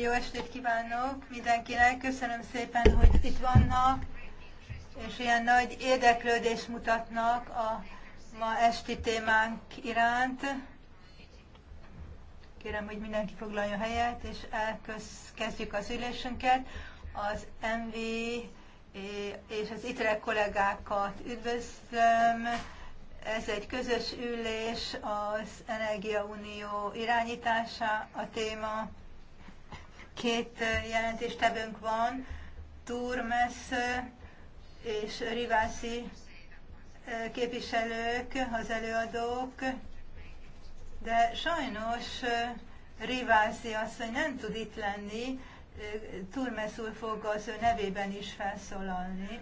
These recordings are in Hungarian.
jó estét kívánok mindenkinek. Köszönöm szépen, hogy itt vannak, és ilyen nagy érdeklődést mutatnak a ma esti témánk iránt. Kérem, hogy mindenki foglalja helyet, és elkezdjük az ülésünket. Az MV és az ITRE kollégákat üdvözlöm. Ez egy közös ülés, az Energiaunió irányítása a téma. Két jelentéstevőnk van, Turmes és Rivászi képviselők, az előadók, de sajnos Rivászi asszony nem tud itt lenni, Turmes úr fog az ő nevében is felszólalni.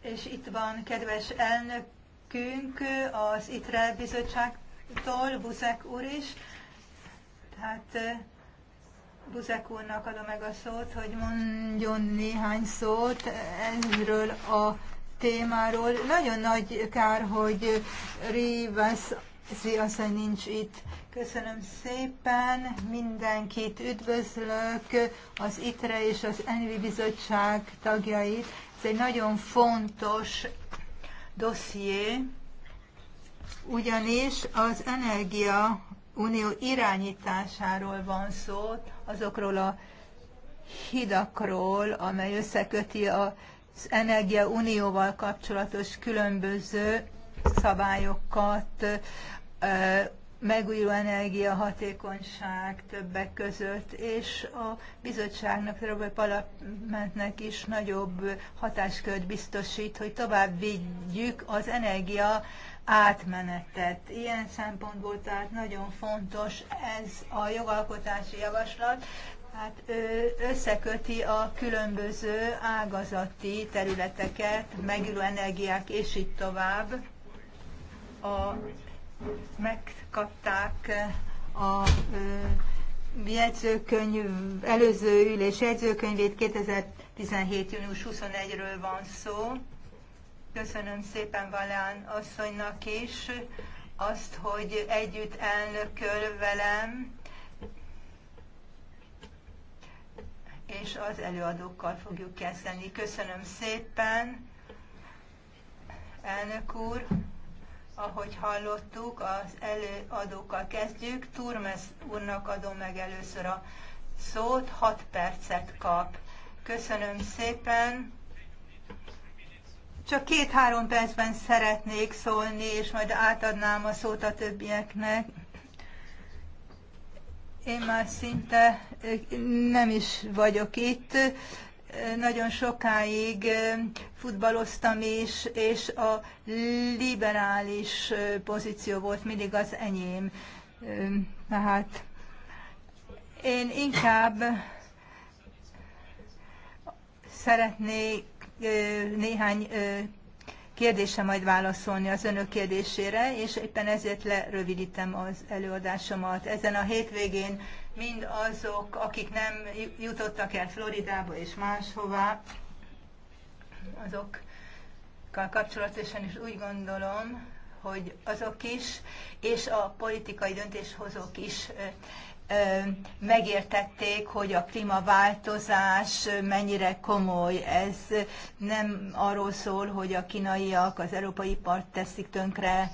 És itt van kedves elnök nekünk az ITRE bizottságtól, Buzek úr is. Tehát Buzek úrnak adom meg a szót, hogy mondjon néhány szót erről a témáról. Nagyon nagy kár, hogy Rivas asszony nincs itt. Köszönöm szépen, mindenkit üdvözlök, az ITRE és az ENVI bizottság tagjait. Ez egy nagyon fontos dosszié, ugyanis az Energia Unió irányításáról van szó, azokról a hidakról, amely összeköti az Energia Unióval kapcsolatos különböző szabályokat, megújuló energia hatékonyság többek között, és a bizottságnak, a parlamentnek is nagyobb hatáskört biztosít, hogy tovább vigyük az energia átmenetet. Ilyen szempontból tehát nagyon fontos ez a jogalkotási javaslat, Hát összeköti a különböző ágazati területeket, megülő energiák és így tovább a megkapták eh, a eh, jegyzőkönyv, előző ülés jegyzőkönyvét 2017. június 21-ről van szó. Köszönöm szépen Valán asszonynak is azt, hogy együtt elnököl velem, és az előadókkal fogjuk kezdeni. Köszönöm szépen, elnök úr! Ahogy hallottuk, az előadókkal kezdjük. Turmes úrnak adom meg először a szót, 6 percet kap. Köszönöm szépen. Csak két-három percben szeretnék szólni, és majd átadnám a szót a többieknek. Én már szinte nem is vagyok itt nagyon sokáig futballoztam is, és a liberális pozíció volt mindig az enyém. Tehát én inkább szeretnék néhány kérdése majd válaszolni az önök kérdésére, és éppen ezért lerövidítem az előadásomat. Ezen a hétvégén mind azok, akik nem jutottak el Floridába és máshová, azokkal kapcsolatosan is úgy gondolom, hogy azok is, és a politikai döntéshozók is megértették, hogy a klímaváltozás mennyire komoly. Ez nem arról szól, hogy a kínaiak az európai part teszik tönkre,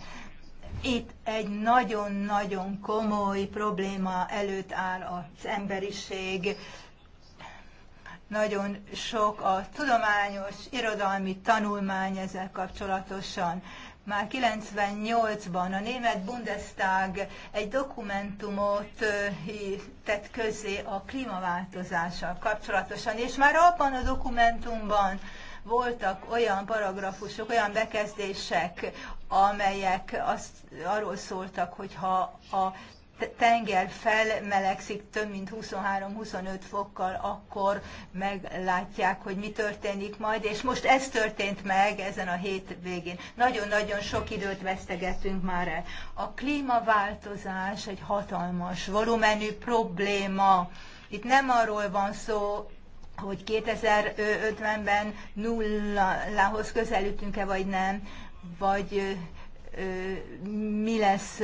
itt egy nagyon-nagyon komoly probléma előtt áll az emberiség. Nagyon sok a tudományos, irodalmi tanulmány ezzel kapcsolatosan. Már 98-ban a német Bundestag egy dokumentumot tett közzé a klímaváltozással kapcsolatosan, és már abban a dokumentumban voltak olyan paragrafusok, olyan bekezdések, amelyek azt, arról szóltak, hogy ha a tenger felmelegszik több mint 23-25 fokkal, akkor meglátják, hogy mi történik majd, és most ez történt meg ezen a végén. Nagyon-nagyon sok időt vesztegetünk már el. A klímaváltozás egy hatalmas, volumenű probléma. Itt nem arról van szó, hogy 2050-ben nullához közelítünk-e vagy nem, vagy mi lesz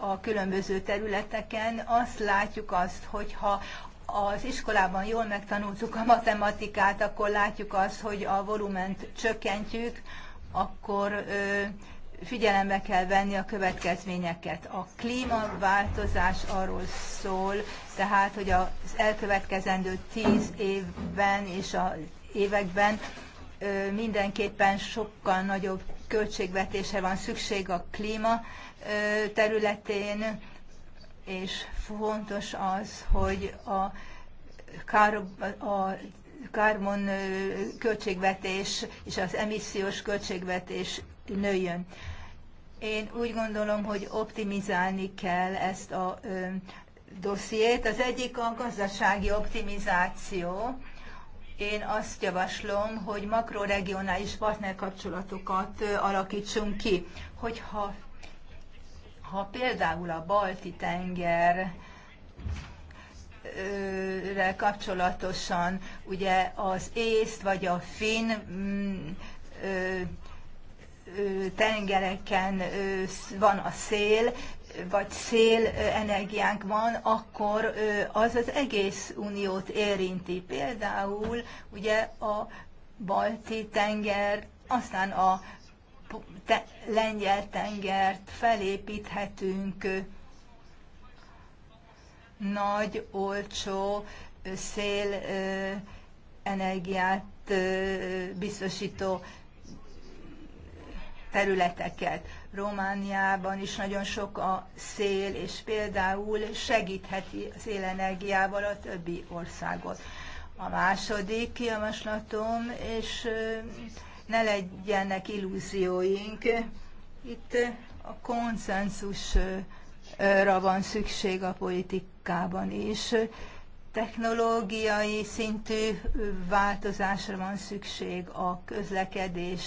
a különböző területeken, azt látjuk azt, hogyha az iskolában jól megtanultuk a matematikát, akkor látjuk azt, hogy a volument csökkentjük, akkor figyelembe kell venni a következményeket. A klímaváltozás arról szól, tehát, hogy az elkövetkezendő tíz évben és az években mindenképpen sokkal nagyobb költségvetése van szükség a klíma területén, és fontos az, hogy a, kár, a kármon költségvetés és az emissziós költségvetés nőjön. Én úgy gondolom, hogy optimizálni kell ezt a ö, dossziét. Az egyik a gazdasági optimizáció. Én azt javaslom, hogy makroregionális partnerkapcsolatokat alakítsunk ki. Hogyha ha például a Balti tenger kapcsolatosan ugye az észt vagy a finn mm, tengereken van a szél, vagy szél energiánk van, akkor az az egész uniót érinti. Például ugye a balti tenger, aztán a te, lengyel tengert felépíthetünk nagy, olcsó szél energiát biztosító területeket. Romániában is nagyon sok a szél, és például segítheti szélenergiával a többi országot. A második javaslatom, és ne legyenek illúzióink, itt a konszenzusra van szükség a politikában is. Technológiai szintű változásra van szükség a közlekedés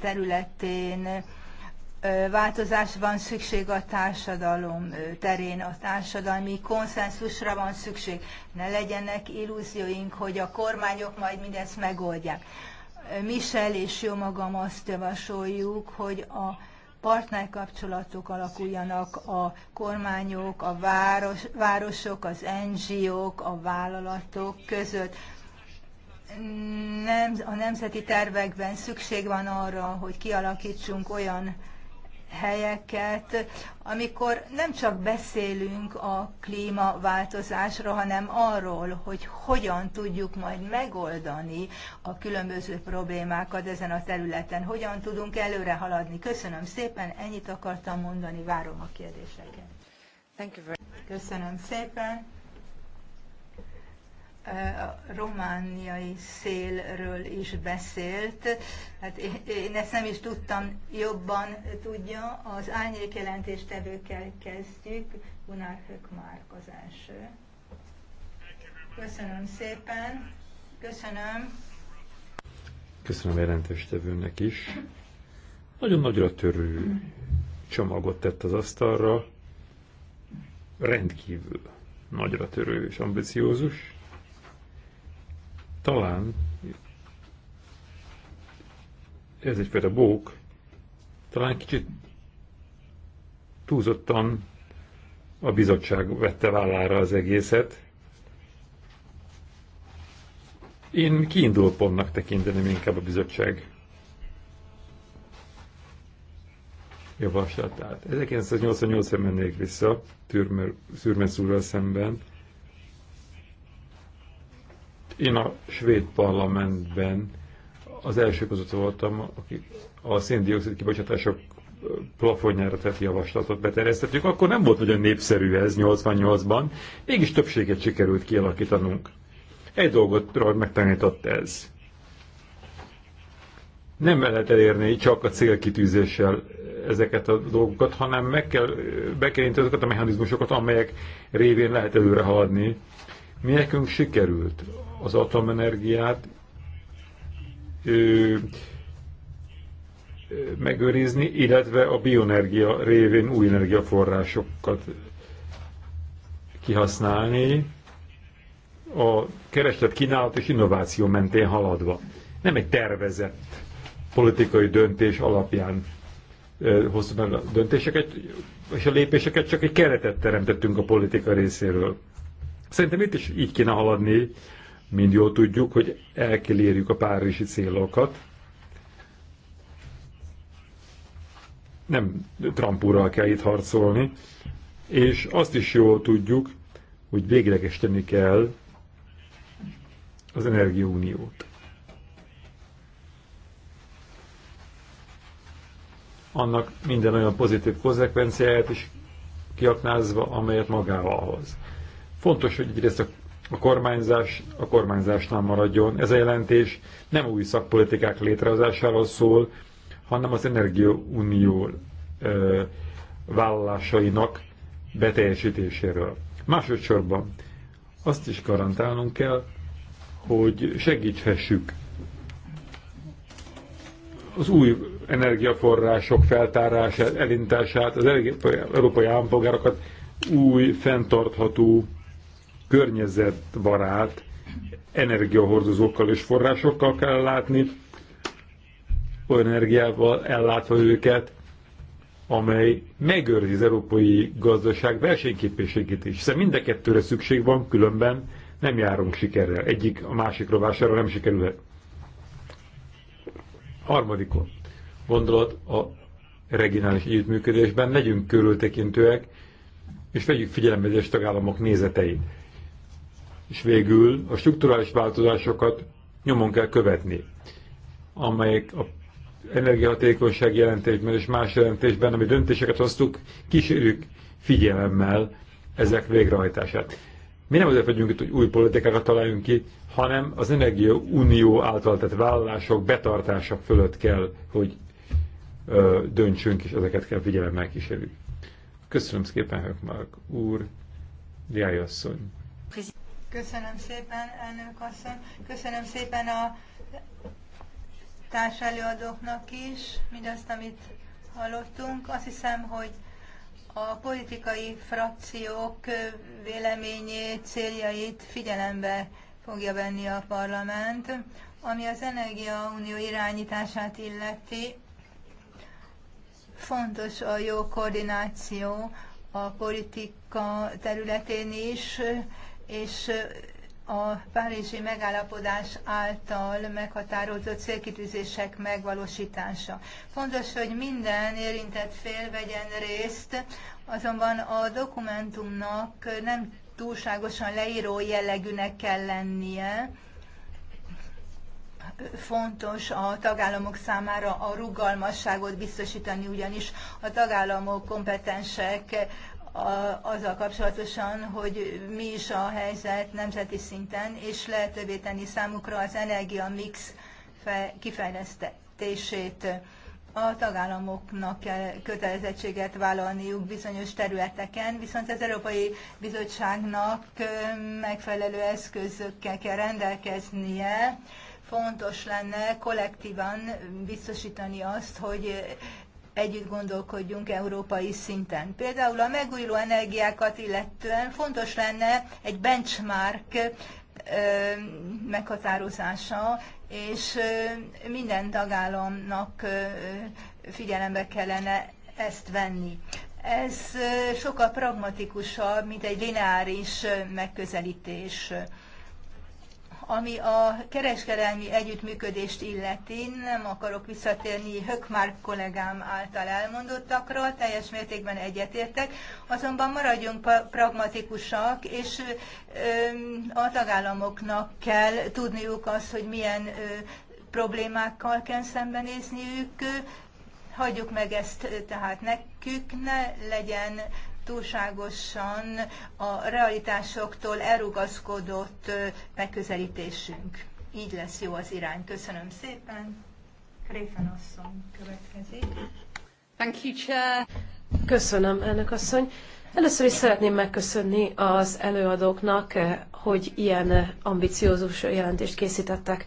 területén változás van szükség a társadalom terén, a társadalmi konszenzusra van szükség. Ne legyenek illúzióink, hogy a kormányok majd mindezt megoldják. Michel és jó magam azt javasoljuk, hogy a partnerkapcsolatok alakuljanak a kormányok, a város, városok, az NGO-k, a vállalatok között nem, a nemzeti tervekben szükség van arra, hogy kialakítsunk olyan helyeket, amikor nem csak beszélünk a klímaváltozásról, hanem arról, hogy hogyan tudjuk majd megoldani a különböző problémákat ezen a területen, hogyan tudunk előre haladni. Köszönöm szépen, ennyit akartam mondani, várom a kérdéseket. Köszönöm szépen a romániai szélről is beszélt. Hát én ezt nem is tudtam jobban tudja. Az árnyék jelentéstevőkkel kezdjük. Gunnar Hökmárk az első. Köszönöm szépen. Köszönöm. Köszönöm a jelentéstevőnek is. Nagyon nagyra törő csomagot tett az asztalra. Rendkívül nagyra törő és ambiciózus talán ez egyfajta bók, talán kicsit túlzottan a bizottság vette vállára az egészet. Én kiinduló pontnak tekinteném inkább a bizottság javaslatát. 1988 ben mennék vissza Türmer, Szürmesz úrral szemben, én a svéd parlamentben az első között voltam, aki a széndiokszid kibocsátások plafonjára tett javaslatot beterjesztettük, akkor nem volt nagyon népszerű ez 88-ban, mégis többséget sikerült kialakítanunk. Egy dolgot megtanított ez. Nem lehet elérni csak a célkitűzéssel ezeket a dolgokat, hanem meg kell, be kell azokat a mechanizmusokat, amelyek révén lehet előre haladni. Mi nekünk sikerült az atomenergiát ö, megőrizni, illetve a bioenergia révén új energiaforrásokat kihasználni, a kereslet kínálat és innováció mentén haladva. Nem egy tervezett politikai döntés alapján hoztuk meg a döntéseket, és a lépéseket csak egy keretet teremtettünk a politika részéről. Szerintem itt is így kéne haladni Mind jól tudjuk, hogy el kell érjük a párizsi célokat. Nem Trump úrral kell itt harcolni, és azt is jól tudjuk, hogy véglegesíteni kell az energiauniót. Annak minden olyan pozitív konzekvenciáját is kiaknázva, amelyet magával hoz. Fontos, hogy egyrészt a a kormányzás a kormányzásnál maradjon. Ez a jelentés nem új szakpolitikák létrehozásáról szól, hanem az energiaunió vállalásainak beteljesítéséről. Másodszorban azt is garantálnunk kell, hogy segíthessük az új energiaforrások feltárását, elintását, az európai állampolgárokat új, fenntartható környezetbarát energiahordozókkal és forrásokkal kell látni, olyan energiával ellátva őket, amely megőrzi az európai gazdaság versenyképességét is, hiszen mind a kettőre szükség van, különben nem járunk sikerrel. Egyik a másik rovására nem sikerülhet. Harmadikon gondolat a regionális együttműködésben legyünk körültekintőek, és vegyük figyelembe az tagállamok nézeteit. És végül a strukturális változásokat nyomon kell követni, amelyek a energiahatékonyság jelentésben és más jelentésben, ami döntéseket hoztuk, kísérjük figyelemmel ezek végrehajtását. Mi nem azért vagyunk itt, hogy új politikákat találjunk ki, hanem az Energia Unió által tett vállalások betartása fölött kell, hogy ö, döntsünk, és ezeket kell figyelemmel kísérjük. Köszönöm szépen, Hökmark úr, Diájasszony. Köszönöm szépen, elnök asszony. Köszönöm szépen a társelőadóknak is mindazt, amit hallottunk. Azt hiszem, hogy a politikai frakciók véleményét, céljait figyelembe fogja venni a parlament. Ami az Energiaunió irányítását illeti, fontos a jó koordináció a politika területén is, és a párizsi megállapodás által meghatározott célkitűzések megvalósítása. Fontos, hogy minden érintett fél vegyen részt, azonban a dokumentumnak nem túlságosan leíró jellegűnek kell lennie. Fontos a tagállamok számára a rugalmasságot biztosítani, ugyanis a tagállamok kompetensek azzal kapcsolatosan, hogy mi is a helyzet nemzeti szinten, és lehetővé tenni számukra az energia mix kifejlesztését. A tagállamoknak kell kötelezettséget vállalniuk bizonyos területeken, viszont az Európai Bizottságnak megfelelő eszközökkel kell rendelkeznie. Fontos lenne kollektívan biztosítani azt, hogy együtt gondolkodjunk európai szinten. Például a megújuló energiákat illetően fontos lenne egy benchmark meghatározása, és minden tagállamnak figyelembe kellene ezt venni. Ez sokkal pragmatikusabb, mint egy lineáris megközelítés. Ami a kereskedelmi együttműködést illeti, nem akarok visszatérni Hökmár kollégám által elmondottakra. teljes mértékben egyetértek, azonban maradjunk pragmatikusak, és a tagállamoknak kell tudniuk azt, hogy milyen problémákkal kell szembenézniük, hagyjuk meg ezt tehát nekünk ne legyen túlságosan a realitásoktól elrugaszkodott megközelítésünk. Így lesz jó az irány. Köszönöm szépen. Réfen asszony következik. Thank you, Chair. Köszönöm, elnök asszony. Először is szeretném megköszönni az előadóknak, eh, hogy ilyen ambiciózus jelentést készítettek.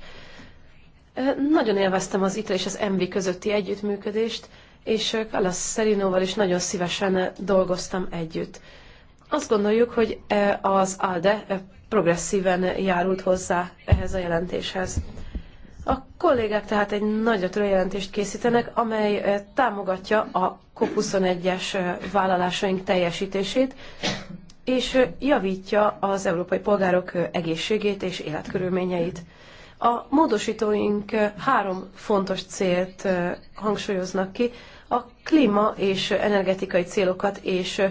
Eh, nagyon élveztem az ITRA és az MV közötti együttműködést, és Kalasz Szerinóval is nagyon szívesen dolgoztam együtt. Azt gondoljuk, hogy e az ALDE e progresszíven járult hozzá ehhez a jelentéshez. A kollégák tehát egy nagy jelentést készítenek, amely e, támogatja a COP21-es vállalásaink teljesítését, és javítja az európai polgárok egészségét és életkörülményeit. A módosítóink három fontos célt hangsúlyoznak ki, a klíma és energetikai célokat és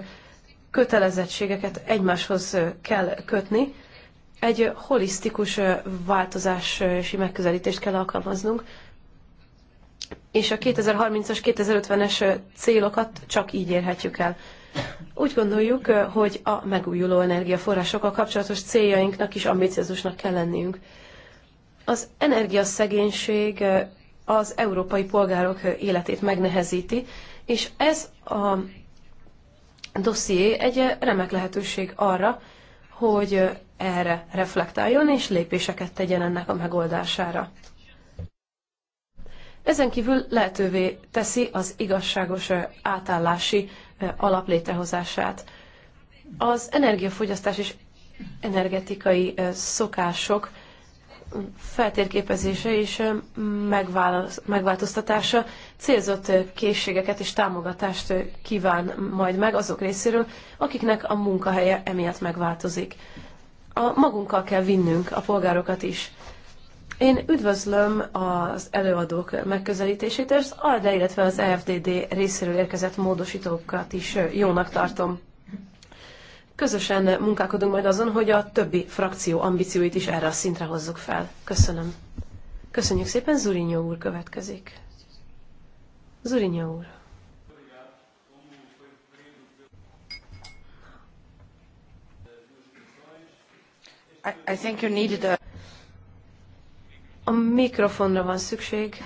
kötelezettségeket egymáshoz kell kötni. Egy holisztikus változási megközelítést kell alkalmaznunk, és a 2030-as, 2050-es célokat csak így érhetjük el. Úgy gondoljuk, hogy a megújuló energiaforrásokkal kapcsolatos céljainknak is ambiciózusnak kell lennünk. Az energiaszegénység az európai polgárok életét megnehezíti, és ez a dosszié egy remek lehetőség arra, hogy erre reflektáljon és lépéseket tegyen ennek a megoldására. Ezen kívül lehetővé teszi az igazságos átállási alap létrehozását. Az energiafogyasztás és energetikai szokások feltérképezése és megváltoztatása célzott készségeket és támogatást kíván majd meg azok részéről, akiknek a munkahelye emiatt megváltozik. A magunkkal kell vinnünk a polgárokat is. Én üdvözlöm az előadók megközelítését, és az ALDE, illetve az EFDD részéről érkezett módosítókat is jónak tartom. Közösen munkálkodunk majd azon, hogy a többi frakció ambícióit is erre a szintre hozzuk fel. Köszönöm. Köszönjük szépen, Zurinyó úr következik. Zurinyó úr. I, think you needed a... a mikrofonra van szükség.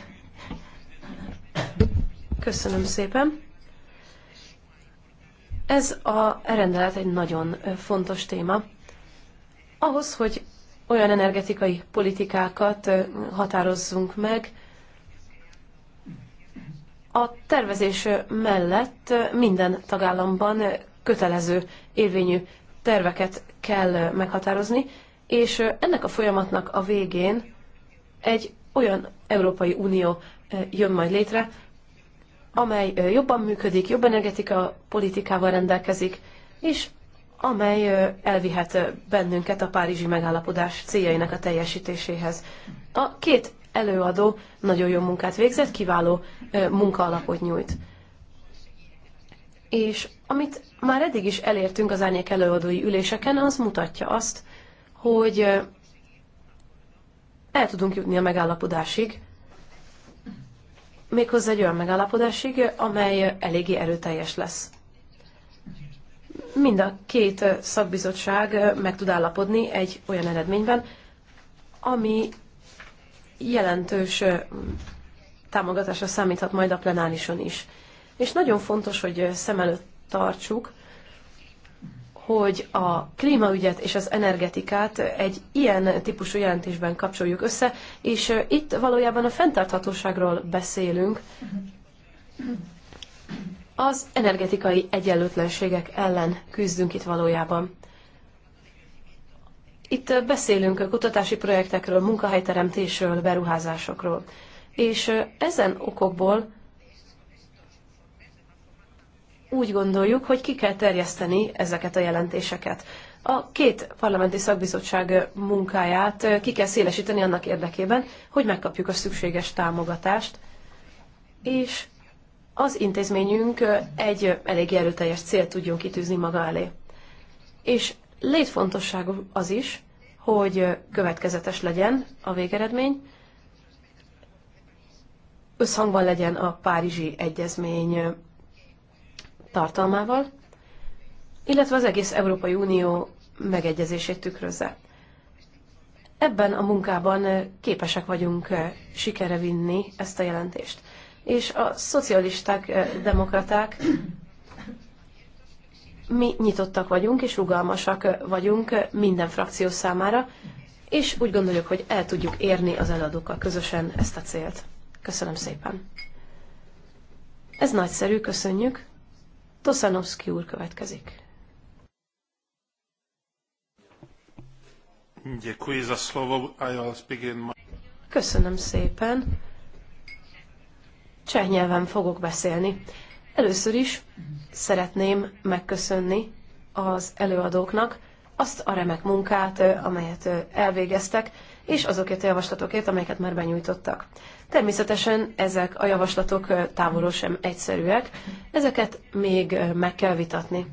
Köszönöm szépen. Ez a rendelet egy nagyon fontos téma. Ahhoz, hogy olyan energetikai politikákat határozzunk meg, a tervezés mellett minden tagállamban kötelező érvényű terveket kell meghatározni, és ennek a folyamatnak a végén egy olyan Európai Unió jön majd létre, amely jobban működik, jobb energetika politikával rendelkezik, és amely elvihet bennünket a Párizsi megállapodás céljainak a teljesítéséhez. A két előadó nagyon jó munkát végzett, kiváló munkaalapot nyújt. És amit már eddig is elértünk az árnyék előadói üléseken, az mutatja azt, hogy el tudunk jutni a megállapodásig, méghozzá egy olyan megállapodásig, amely eléggé erőteljes lesz. Mind a két szakbizottság meg tud állapodni egy olyan eredményben, ami jelentős támogatásra számíthat majd a plenárison is. És nagyon fontos, hogy szem előtt tartsuk, hogy a klímaügyet és az energetikát egy ilyen típusú jelentésben kapcsoljuk össze, és itt valójában a fenntarthatóságról beszélünk, az energetikai egyenlőtlenségek ellen küzdünk itt valójában. Itt beszélünk kutatási projektekről, munkahelyteremtésről, beruházásokról. És ezen okokból úgy gondoljuk, hogy ki kell terjeszteni ezeket a jelentéseket. A két parlamenti szakbizottság munkáját ki kell szélesíteni annak érdekében, hogy megkapjuk a szükséges támogatást, és az intézményünk egy elég erőteljes célt tudjon kitűzni maga elé. És létfontosságú az is, hogy következetes legyen a végeredmény, összhangban legyen a Párizsi Egyezmény tartalmával, illetve az egész Európai Unió megegyezését tükrözze. Ebben a munkában képesek vagyunk sikere vinni ezt a jelentést. És a szocialisták, demokraták, mi nyitottak vagyunk és rugalmasak vagyunk minden frakció számára, és úgy gondoljuk, hogy el tudjuk érni az eladókkal közösen ezt a célt. Köszönöm szépen! Ez nagyszerű, köszönjük! Toszanovszki úr következik. Köszönöm szépen. Cseh nyelven fogok beszélni. Először is szeretném megköszönni az előadóknak azt a remek munkát, amelyet elvégeztek, és azokért a javaslatokért, amelyeket már benyújtottak. Természetesen ezek a javaslatok távolról sem egyszerűek, ezeket még meg kell vitatni.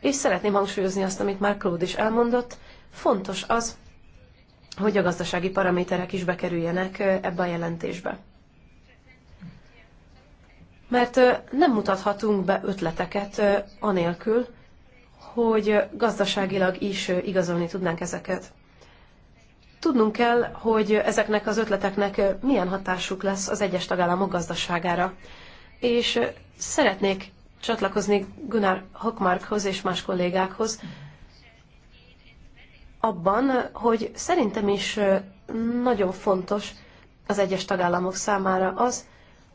És szeretném hangsúlyozni azt, amit már Claude is elmondott, fontos az, hogy a gazdasági paraméterek is bekerüljenek ebbe a jelentésbe. Mert nem mutathatunk be ötleteket anélkül, hogy gazdaságilag is igazolni tudnánk ezeket. Tudnunk kell, hogy ezeknek az ötleteknek milyen hatásuk lesz az egyes tagállamok gazdaságára. És szeretnék csatlakozni Gunnar Hockmarkhoz és más kollégákhoz abban, hogy szerintem is nagyon fontos az egyes tagállamok számára az,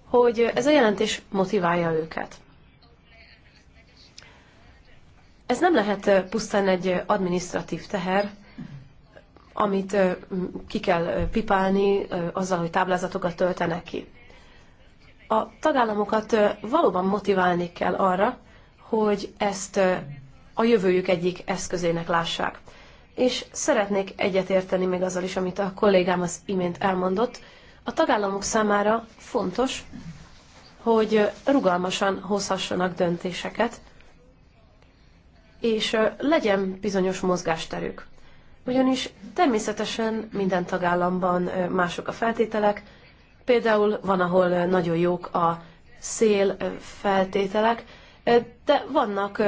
hogy ez a jelentés motiválja őket. Ez nem lehet pusztán egy administratív teher, amit ki kell pipálni azzal, hogy táblázatokat töltenek ki. A tagállamokat valóban motiválni kell arra, hogy ezt a jövőjük egyik eszközének lássák. És szeretnék egyetérteni még azzal is, amit a kollégám az imént elmondott. A tagállamok számára fontos, hogy rugalmasan hozhassanak döntéseket, és legyen bizonyos mozgásterük ugyanis természetesen minden tagállamban mások a feltételek, például van, ahol nagyon jók a szél feltételek, de vannak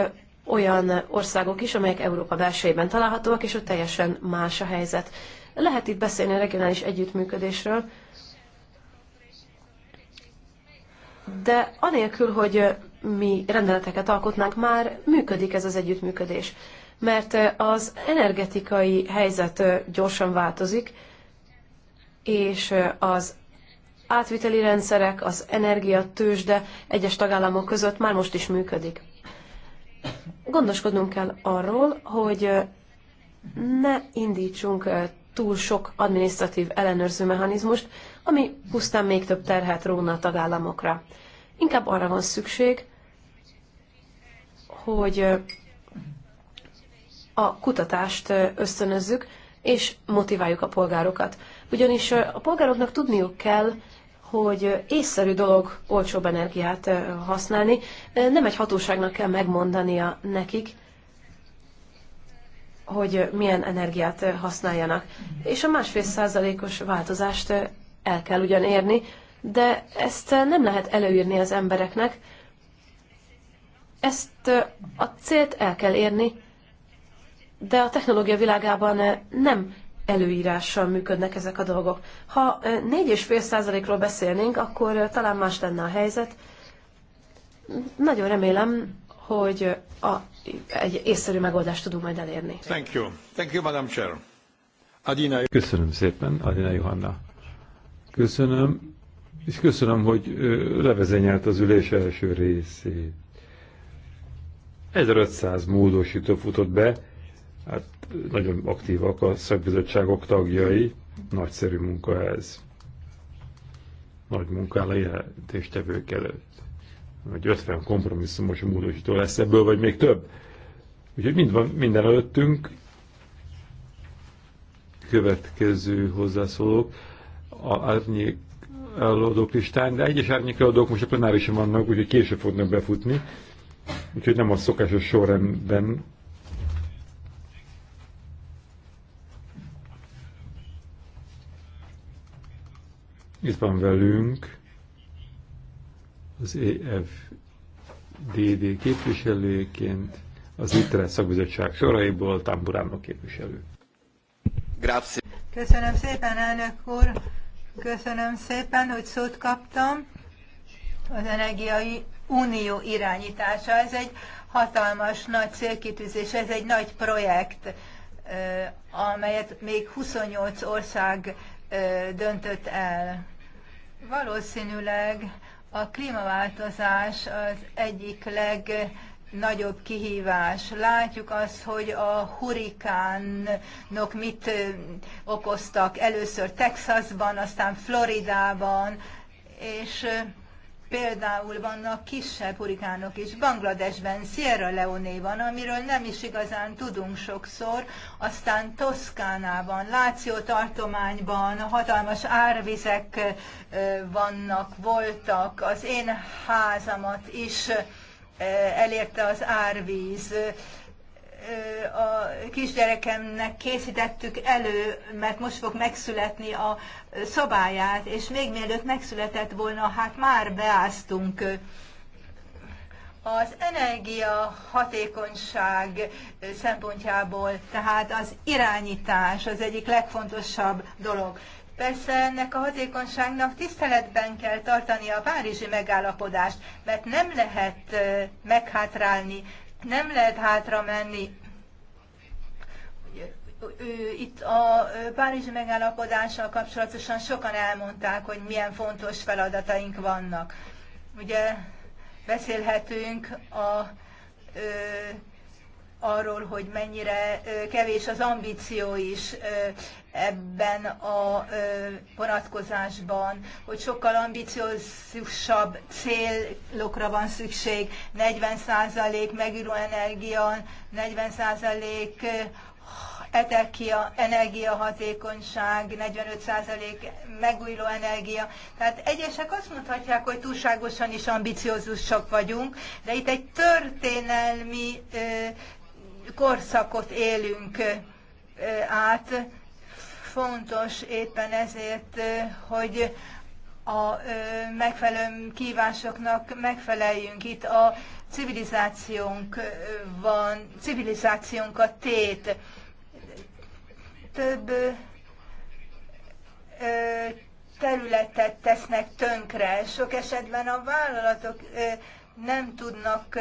olyan országok is, amelyek Európa belsejében találhatóak, és ott teljesen más a helyzet. Lehet itt beszélni a regionális együttműködésről, de anélkül, hogy mi rendeleteket alkotnánk, már működik ez az együttműködés mert eh, az energetikai helyzet eh, gyorsan változik, és eh, az átviteli rendszerek, az energiatősde egyes tagállamok között már most is működik. Gondoskodnunk kell arról, hogy ne indítsunk túl sok adminisztratív ellenőrző mechanizmust, ami pusztán még több terhet róna a tagállamokra. Inkább arra van szükség, hogy a kutatást ösztönözzük, és motiváljuk a polgárokat. Ugyanis a polgároknak tudniuk kell, hogy észszerű dolog olcsóbb energiát használni, nem egy hatóságnak kell megmondania nekik, hogy milyen energiát használjanak. És a másfél százalékos változást el kell ugyan érni, de ezt nem lehet előírni az embereknek, ezt a célt el kell érni, de a technológia világában eh, nem előírással működnek ezek a dolgok. Ha 4,5%-ról eh, beszélnénk, akkor eh, talán más lenne a helyzet. Nagyon remélem, hogy a, egy észszerű megoldást tudunk majd elérni. Thank you. Thank you, Madam Chair. Adina... Köszönöm szépen, Adina Johanna. Köszönöm, és köszönöm, hogy levezényelt az ülés első részét. 1500 módosító futott be, hát nagyon aktívak a szakbizottságok tagjai, nagyszerű munka ez. Nagy munka a jelentéstevők előtt. Vagy 50 kompromisszumos módosító lesz ebből, vagy még több. Úgyhogy mind van, minden előttünk. Következő hozzászólók a árnyék eladók listán, de egyes árnyék eladók most a plenárisan vannak, úgyhogy később fognak befutni. Úgyhogy nem a szokásos sorrendben Itt van velünk az EFDD képviselőként, az ITRE szakbizottság soraiból Tamburánok képviselő. Köszönöm szépen, elnök úr! Köszönöm szépen, hogy szót kaptam. Az energiai unió irányítása, ez egy hatalmas, nagy célkitűzés, ez egy nagy projekt, amelyet még 28 ország döntött el. Valószínűleg a klímaváltozás az egyik legnagyobb kihívás. Látjuk azt, hogy a hurikánok mit okoztak először Texasban, aztán Floridában, és Például vannak kisebb hurikánok is. Bangladesben, Sierra leone van, amiről nem is igazán tudunk sokszor, aztán Toszkánában, Láció tartományban hatalmas árvizek vannak, voltak, az én házamat is elérte az árvíz a kisgyerekemnek készítettük elő, mert most fog megszületni a szabályát, és még mielőtt megszületett volna, hát már beáztunk az energia hatékonyság szempontjából, tehát az irányítás az egyik legfontosabb dolog. Persze ennek a hatékonyságnak tiszteletben kell tartani a párizsi megállapodást, mert nem lehet meghátrálni nem lehet hátra menni. Itt a Párizsi megállapodással kapcsolatosan sokan elmondták, hogy milyen fontos feladataink vannak. Ugye beszélhetünk a arról, hogy mennyire kevés az ambíció is ebben a vonatkozásban, hogy sokkal ambiciózusabb célokra van szükség, 40% megíró energia, 40% etekia, energiahatékonyság, 45% megújuló energia. Tehát egyesek azt mondhatják, hogy túlságosan is ambiciózusak vagyunk, de itt egy történelmi korszakot élünk át. Fontos éppen ezért, hogy a megfelelő kívásoknak megfeleljünk. Itt a civilizációnk van, civilizációnk a tét. Több területet tesznek tönkre. Sok esetben a vállalatok nem tudnak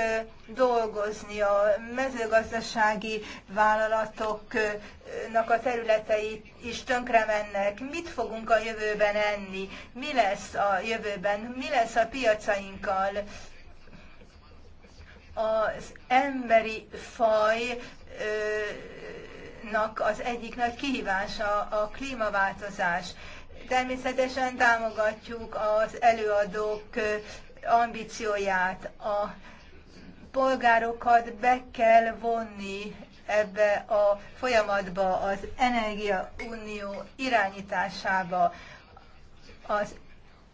dolgozni a mezőgazdasági vállalatoknak a területei is tönkre mennek. Mit fogunk a jövőben enni? Mi lesz a jövőben? Mi lesz a piacainkkal? Az emberi fajnak az egyik nagy kihívása a klímaváltozás. Természetesen támogatjuk az előadók ambícióját, a polgárokat be kell vonni ebbe a folyamatba, az energiaunió irányításába. Az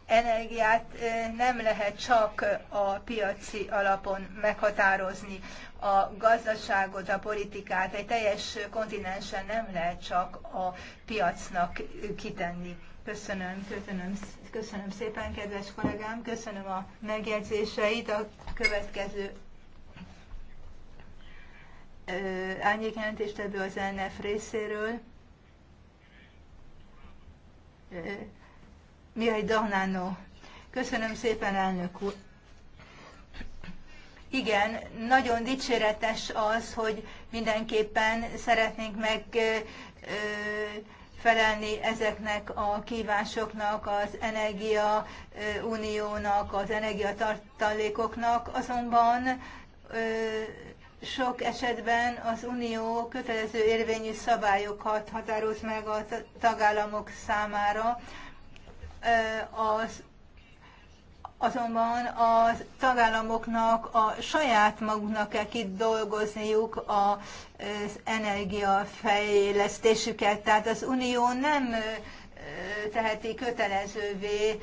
energiát eh, nem lehet csak a piaci alapon meghatározni. A gazdaságot, a politikát egy teljes kontinensen nem lehet csak a piacnak kitenni. Köszönöm, köszönöm, köszönöm szépen, kedves kollégám, köszönöm a megjegyzéseit. A következő árnyékjelentést ebből az NF részéről. egy Dahnánó. Köszönöm szépen, elnök úr. Igen, nagyon dicséretes az, hogy mindenképpen szeretnénk meg ö, felelni ezeknek a kívásoknak, az energia uniónak, az energiatartalékoknak, azonban sok esetben az unió kötelező érvényű szabályokat határoz meg a tagállamok számára az Azonban a tagállamoknak a saját maguknak kell kidolgozniuk az energiafejlesztésüket. Tehát az Unió nem teheti kötelezővé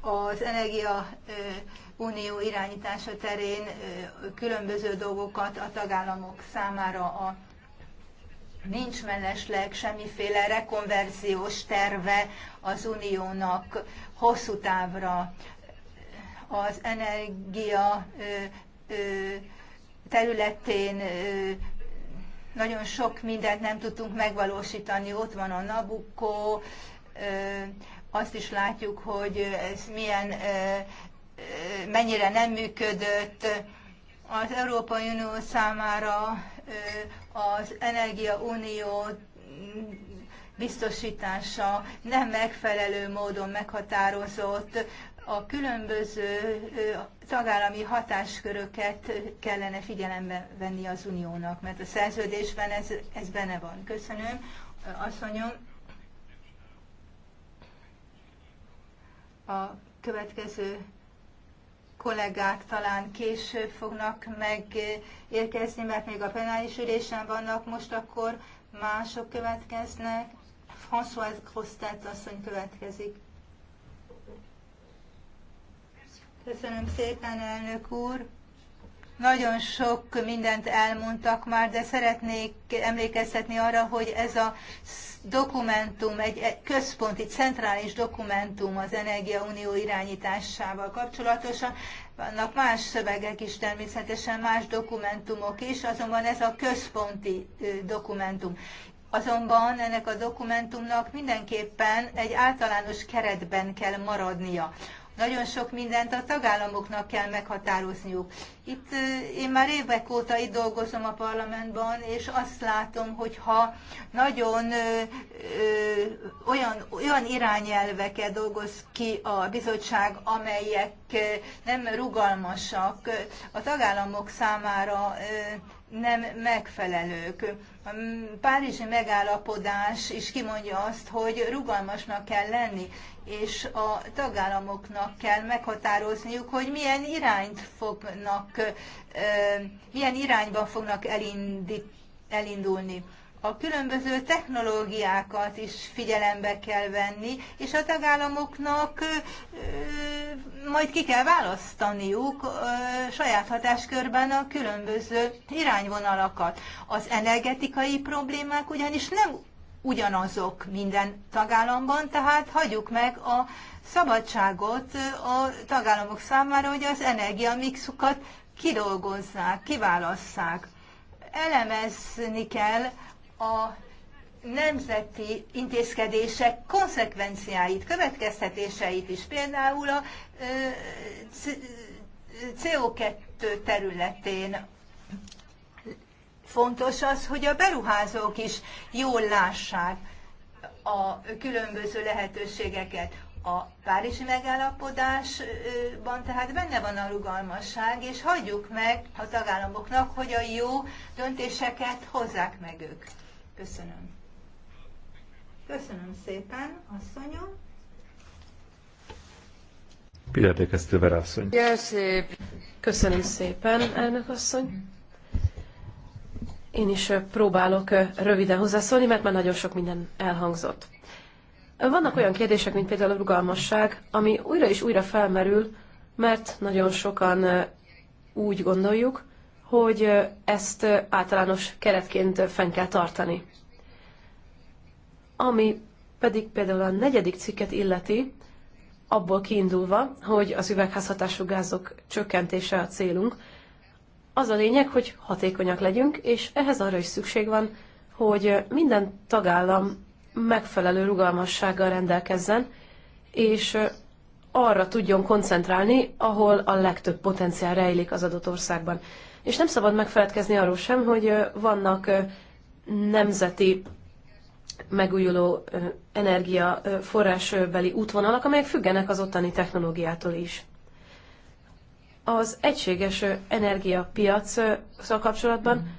az energia unió irányítása terén különböző dolgokat a tagállamok számára a nincs mellesleg semmiféle rekonverziós terve az uniónak hosszú távra az energia területén nagyon sok mindent nem tudtunk megvalósítani. Ott van a Nabucco, azt is látjuk, hogy ez milyen, mennyire nem működött. Az Európai Unió számára az Energia Unió biztosítása nem megfelelő módon meghatározott a különböző tagállami hatásköröket kellene figyelembe venni az uniónak, mert a szerződésben ez, ez benne van. Köszönöm, asszonyom. A következő kollégák talán később fognak megérkezni, mert még a penális ülésen vannak, most akkor mások következnek. François azt asszony következik. Köszönöm szépen, elnök úr. Nagyon sok mindent elmondtak már, de szeretnék emlékeztetni arra, hogy ez a dokumentum egy központi, centrális dokumentum az Energiaunió irányításával kapcsolatosan. Vannak más szövegek is, természetesen más dokumentumok is, azonban ez a központi dokumentum. Azonban ennek a dokumentumnak mindenképpen egy általános keretben kell maradnia. Nagyon sok mindent a tagállamoknak kell meghatározniuk. Itt én már évek óta itt dolgozom a parlamentban, és azt látom, hogy ha nagyon ö, ö, olyan, olyan irányelveket dolgoz ki a bizottság, amelyek nem rugalmasak, a tagállamok számára ö, nem megfelelők. A párizsi megállapodás is kimondja azt, hogy rugalmasnak kell lenni, és a tagállamoknak kell meghatározniuk, hogy milyen irányt fognak, milyen irányban fognak elindulni a különböző technológiákat is figyelembe kell venni, és a tagállamoknak majd ki kell választaniuk saját hatáskörben a különböző irányvonalakat. Az energetikai problémák ugyanis nem ugyanazok minden tagállamban, tehát hagyjuk meg a szabadságot a tagállamok számára, hogy az energiamixukat kidolgozzák, kiválasszák. Elemezni kell a nemzeti intézkedések konsekvenciáit, következtetéseit is, például a CO2 területén. Fontos az, hogy a beruházók is jól lássák a különböző lehetőségeket. A Párizsi megállapodásban tehát benne van a rugalmasság, és hagyjuk meg a tagállamoknak, hogy a jó döntéseket hozzák meg ők. Köszönöm. Köszönöm szépen, asszonyom. Pilertékeztő verasszony. Köszönöm szépen, elnök asszony. Én is próbálok röviden hozzászólni, mert már nagyon sok minden elhangzott. Vannak olyan kérdések, mint például a rugalmasság, ami újra és újra felmerül, mert nagyon sokan úgy gondoljuk, hogy ezt általános keretként fenn kell tartani. Ami pedig például a negyedik cikket illeti, abból kiindulva, hogy az üvegházhatású gázok csökkentése a célunk, az a lényeg, hogy hatékonyak legyünk, és ehhez arra is szükség van, hogy minden tagállam megfelelő rugalmassággal rendelkezzen, és arra tudjon koncentrálni, ahol a legtöbb potenciál rejlik az adott országban. És nem szabad megfeledkezni arról sem, hogy vannak nemzeti megújuló energiaforrásbeli útvonalak, amelyek függenek az ottani technológiától is. Az egységes energiapiacsal kapcsolatban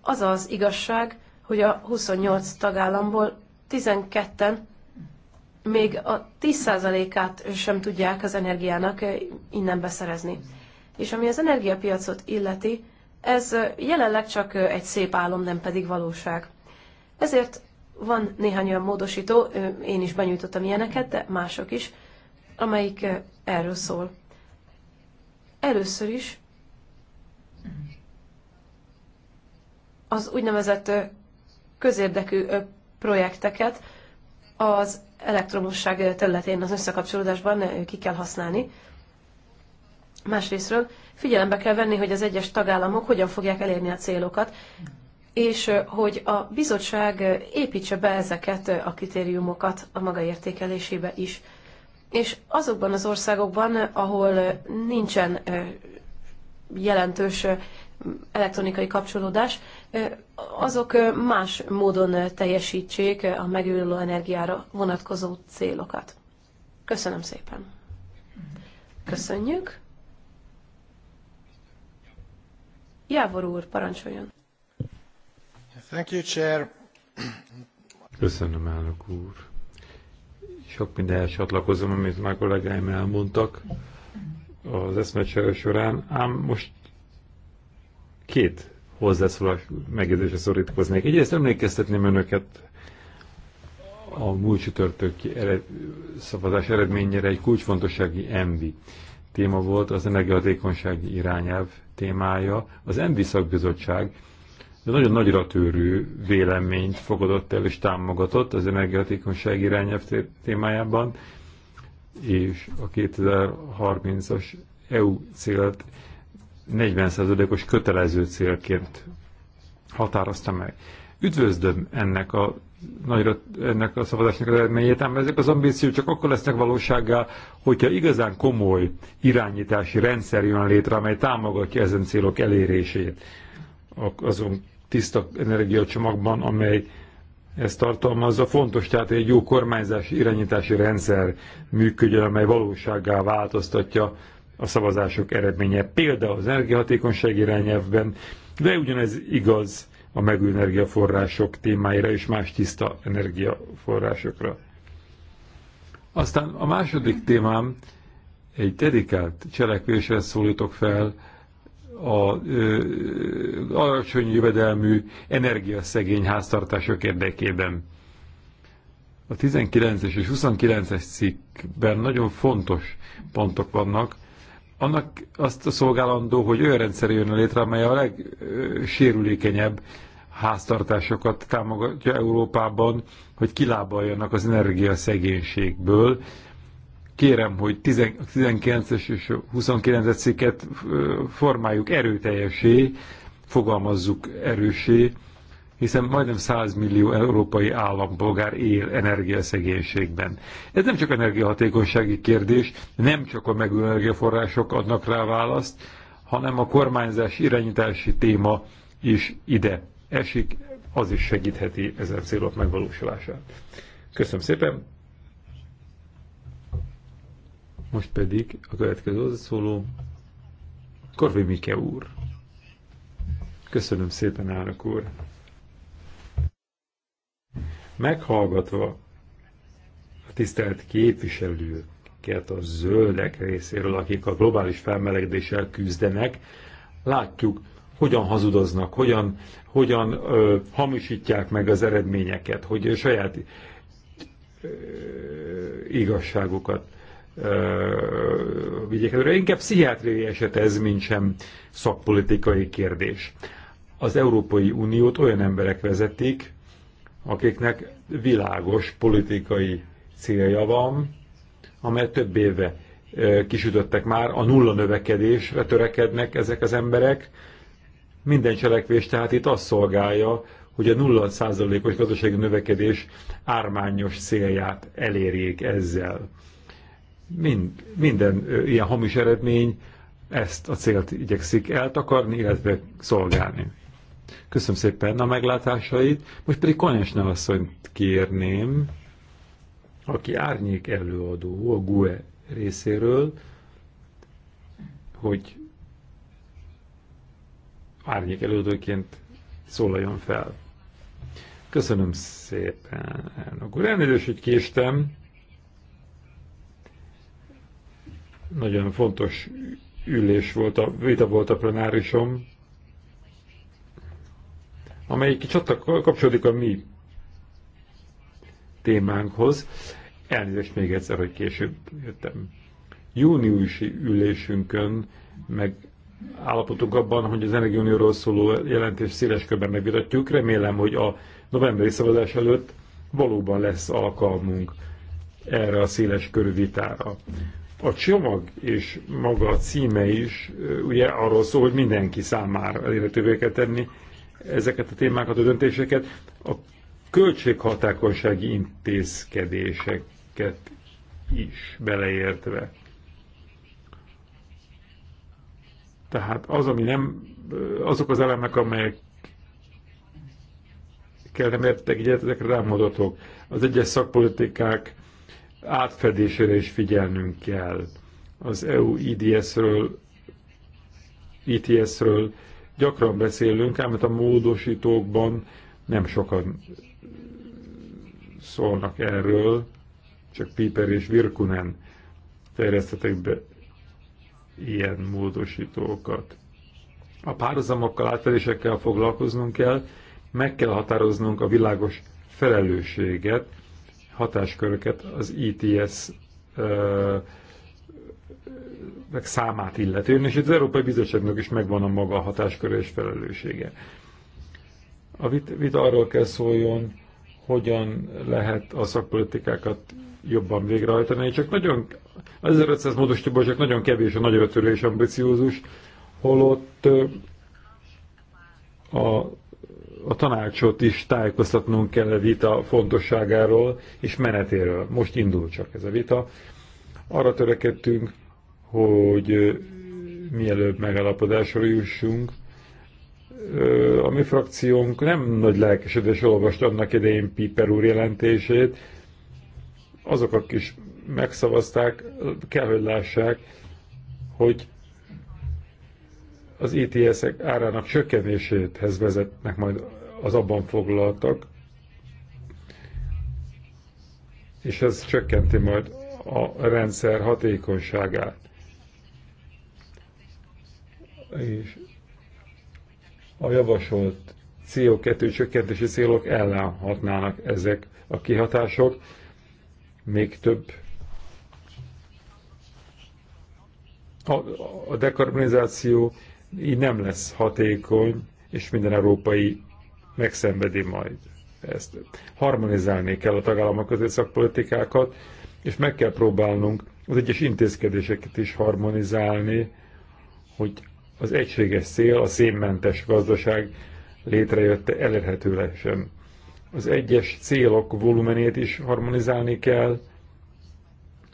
az az igazság, hogy a 28 tagállamból 12-en még a 10%-át sem tudják az energiának innen beszerezni. És ami az energiapiacot illeti, ez jelenleg csak egy szép álom, nem pedig valóság. Ezért van néhány olyan módosító, én is benyújtottam ilyeneket, de mások is, amelyik erről szól. Először is az úgynevezett közérdekű projekteket az elektromosság területén, az összekapcsolódásban ki kell használni. Másrésztről figyelembe kell venni, hogy az egyes tagállamok hogyan fogják elérni a célokat, és hogy a bizottság építse be ezeket a kritériumokat a maga értékelésébe is. És azokban az országokban, ahol nincsen jelentős elektronikai kapcsolódás, azok más módon teljesítsék a megújuló energiára vonatkozó célokat. Köszönöm szépen. Köszönjük. Jávor úr, parancsoljon. Thank you, Chair. Köszönöm, elnök úr. Sok minden csatlakozom, amit már kollégáim elmondtak az eszmecsere során, ám most két hozzászólás megjegyzésre szorítkoznék. Egyrészt emlékeztetném önöket a múlt csütörtöki ered, szavazás eredményére egy kulcsfontossági envi téma volt, az energiahatékonysági irányelv témája, az ENVI szakbizottság de nagyon nagyra törő véleményt fogadott el és támogatott az energiatékonyság irányelv témájában, és a 2030-as EU célt 40%-os kötelező célként határozta meg. Üdvözlöm ennek a nagyra ennek a szavazásnak az eredményét, ám ezek az ambíciók csak akkor lesznek valósággá, hogyha igazán komoly irányítási rendszer jön létre, amely támogatja ezen célok elérését azon tiszta energiacsomagban, amely ezt tartalmazza. Fontos tehát, hogy egy jó kormányzási irányítási rendszer működjön, amely valósággá változtatja a szavazások eredménye. Például az energiahatékonyság irányelvben, de ugyanez igaz a megújuló energiaforrások témáira és más tiszta energiaforrásokra. Aztán a második témám egy dedikált cselekvésre szólítok fel a alacsony jövedelmű energiaszegény háztartások érdekében. A 19-es és 29-es cikkben nagyon fontos pontok vannak, annak azt a szolgálandó, hogy olyan rendszer jön létre, amely a legsérülékenyebb háztartásokat támogatja Európában, hogy kilábaljanak az energiaszegénységből. Kérem, hogy a 19-es és 29-es cikket formáljuk erőteljesé, fogalmazzuk erősé, hiszen majdnem 100 millió európai állampolgár él energiaszegénységben. Ez nem csak energiahatékonysági kérdés, nem csak a megújuló energiaforrások adnak rá választ, hanem a kormányzás irányítási téma is ide esik, az is segítheti ezen célok megvalósulását. Köszönöm szépen! Most pedig a következő hozzászóló, Korvi Mike úr. Köszönöm szépen, Árak úr! Meghallgatva a tisztelt képviselőket a zöldek részéről, akik a globális felmelegedéssel küzdenek, látjuk, hogyan hazudoznak, hogyan, hogyan ö, hamisítják meg az eredményeket, hogy a saját ö, igazságukat vigyék előre. Inkább pszichiátriai eset ez, mint sem szakpolitikai kérdés. Az Európai Uniót olyan emberek vezetik, akiknek világos politikai célja van, amely több éve kisütöttek már, a nulla növekedésre törekednek ezek az emberek. Minden cselekvés tehát itt azt szolgálja, hogy a nulla százalékos gazdasági növekedés ármányos célját elérjék ezzel. Mind, minden ilyen hamis eredmény ezt a célt igyekszik eltakarni, illetve szolgálni. Köszönöm szépen a meglátásait. Most pedig Konyesne asszonyt kérném, aki árnyék előadó a GUE részéről, hogy árnyék előadóként szólaljon fel. Köszönöm szépen, elnök úr. Elnézést, hogy késtem. Nagyon fontos ülés volt, a vita volt a plenárisom amely kicsit kapcsolódik a mi témánkhoz. Elnézést még egyszer, hogy később jöttem. Júniusi ülésünkön meg állapotunk abban, hogy az Energiunióról szóló jelentést széles körben megvitatjuk. Remélem, hogy a novemberi szavazás előtt valóban lesz alkalmunk erre a széles körű vitára. A csomag és maga a címe is ugye arról szól, hogy mindenki számára elérhetővé kell tenni ezeket a témákat, a döntéseket, a költséghatákonysági intézkedéseket is beleértve. Tehát az, ami nem, azok az elemek, amelyek kell nem értek egyet, ezekre rámadatok. Az egyes szakpolitikák átfedésére is figyelnünk kell. Az EU IDS-ről, ITS-ről gyakran beszélünk, ám hát a módosítókban nem sokan szólnak erről, csak Piper és Virkunen terjesztetek be ilyen módosítókat. A párhuzamokkal, átfedésekkel foglalkoznunk kell, meg kell határoznunk a világos felelősséget, hatásköröket az ITS e uh, meg számát illetően, és az Európai Bizottságnak is megvan a maga hatásköre és felelőssége. A vita, vit arról kell szóljon, hogyan lehet a szakpolitikákat jobban végrehajtani, csak nagyon, az 1500 módosítóból csak nagyon kevés a nagyra és ambiciózus, holott a, a tanácsot is tájékoztatnunk kell a vita fontosságáról és menetéről. Most indul csak ez a vita. Arra törekedtünk, hogy mielőbb megállapodásra jussunk. A mi frakciónk nem nagy lelkesedés olvast annak idején Piper úr jelentését. Azok, akik is megszavazták, kell, hogy lássák, hogy az ETS-ek árának csökkenéséhez vezetnek majd az abban foglaltak, és ez csökkenti majd a rendszer hatékonyságát és a javasolt CO2 csökkentési célok ellen hatnának ezek a kihatások, még több a, a dekarbonizáció így nem lesz hatékony, és minden európai megszenvedi majd ezt. Harmonizálni kell a tagállamok között szakpolitikákat, és meg kell próbálnunk az egyes intézkedéseket is harmonizálni, hogy az egységes cél a szénmentes gazdaság létrejötte elérhető Az egyes célok volumenét is harmonizálni kell,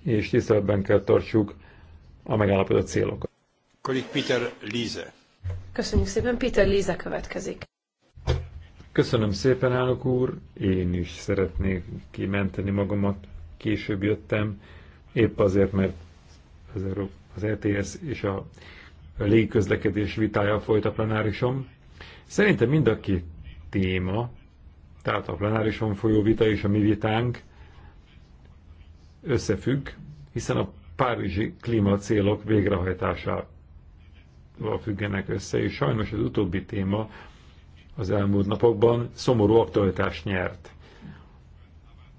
és tiszteletben kell tartsuk a megállapodott célokat. Kolik Peter Líze. Köszönjük szépen, Peter Líze következik. Köszönöm szépen, elnök úr. Én is szeretnék kimenteni magamat. Később jöttem, épp azért, mert az ETS e és a légközlekedés vitája folyt a plenárison. Szerintem mind a két téma, tehát a plenárison folyó vita és a mi vitánk összefügg, hiszen a párizsi klímacélok végrehajtásával függenek össze, és sajnos az utóbbi téma az elmúlt napokban szomorú aktualitást nyert.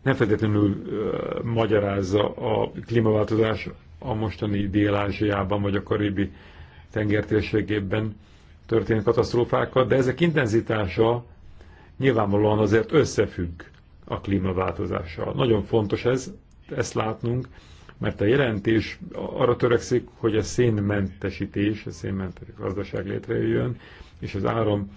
Nem feltétlenül uh, magyarázza a klímaváltozás a mostani Dél-Ázsiában vagy a karibi tengertérségében történt katasztrófákat, de ezek intenzitása nyilvánvalóan azért összefügg a klímaváltozással. Nagyon fontos ez, ezt látnunk, mert a jelentés arra törekszik, hogy a szénmentesítés, a szénmentes gazdaság létrejöjjön, és az áram,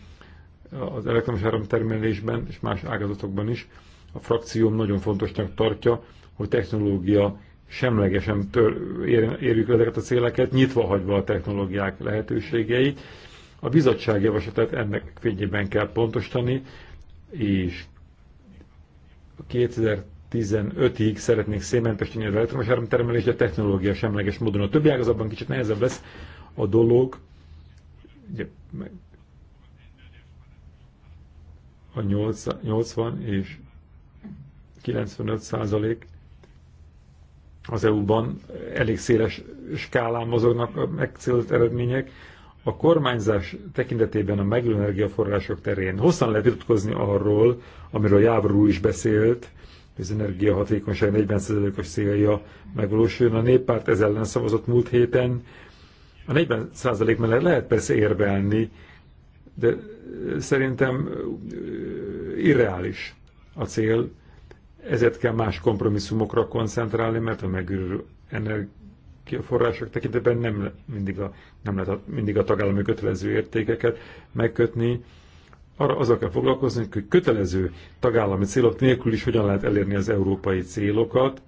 az elektromos áramtermelésben és más ágazatokban is a frakcióm nagyon fontosnak tartja, hogy technológia semlegesen tör, ér, érjük ezeket a céleket, nyitva hagyva a technológiák lehetőségeit. A bizottság javaslatát ennek fényében kell pontosítani, és 2015-ig szeretnék szénmentesíteni az elektromos áramtermelést, de technológia semleges módon. A többi ágazatban kicsit nehezebb lesz a dolog. Ugye, a 80 és 95 százalék az EU-ban elég széles skálán mozognak a megcélt eredmények. A kormányzás tekintetében a megülő energiaforrások terén hosszan lehet vitatkozni arról, amiről Jávor is beszélt, hogy az energiahatékonyság 40%-os célja megvalósuljon. A néppárt ez ellen szavazott múlt héten. A 40% mellett lehet persze érvelni, de szerintem irreális a cél, ezért kell más kompromisszumokra koncentrálni, mert a megőrülő energiaforrások tekintetében nem, mindig a, nem lehet a, mindig a tagállami kötelező értékeket megkötni. Arra azzal kell foglalkozni, hogy kötelező tagállami célok nélkül is hogyan lehet elérni az európai célokat.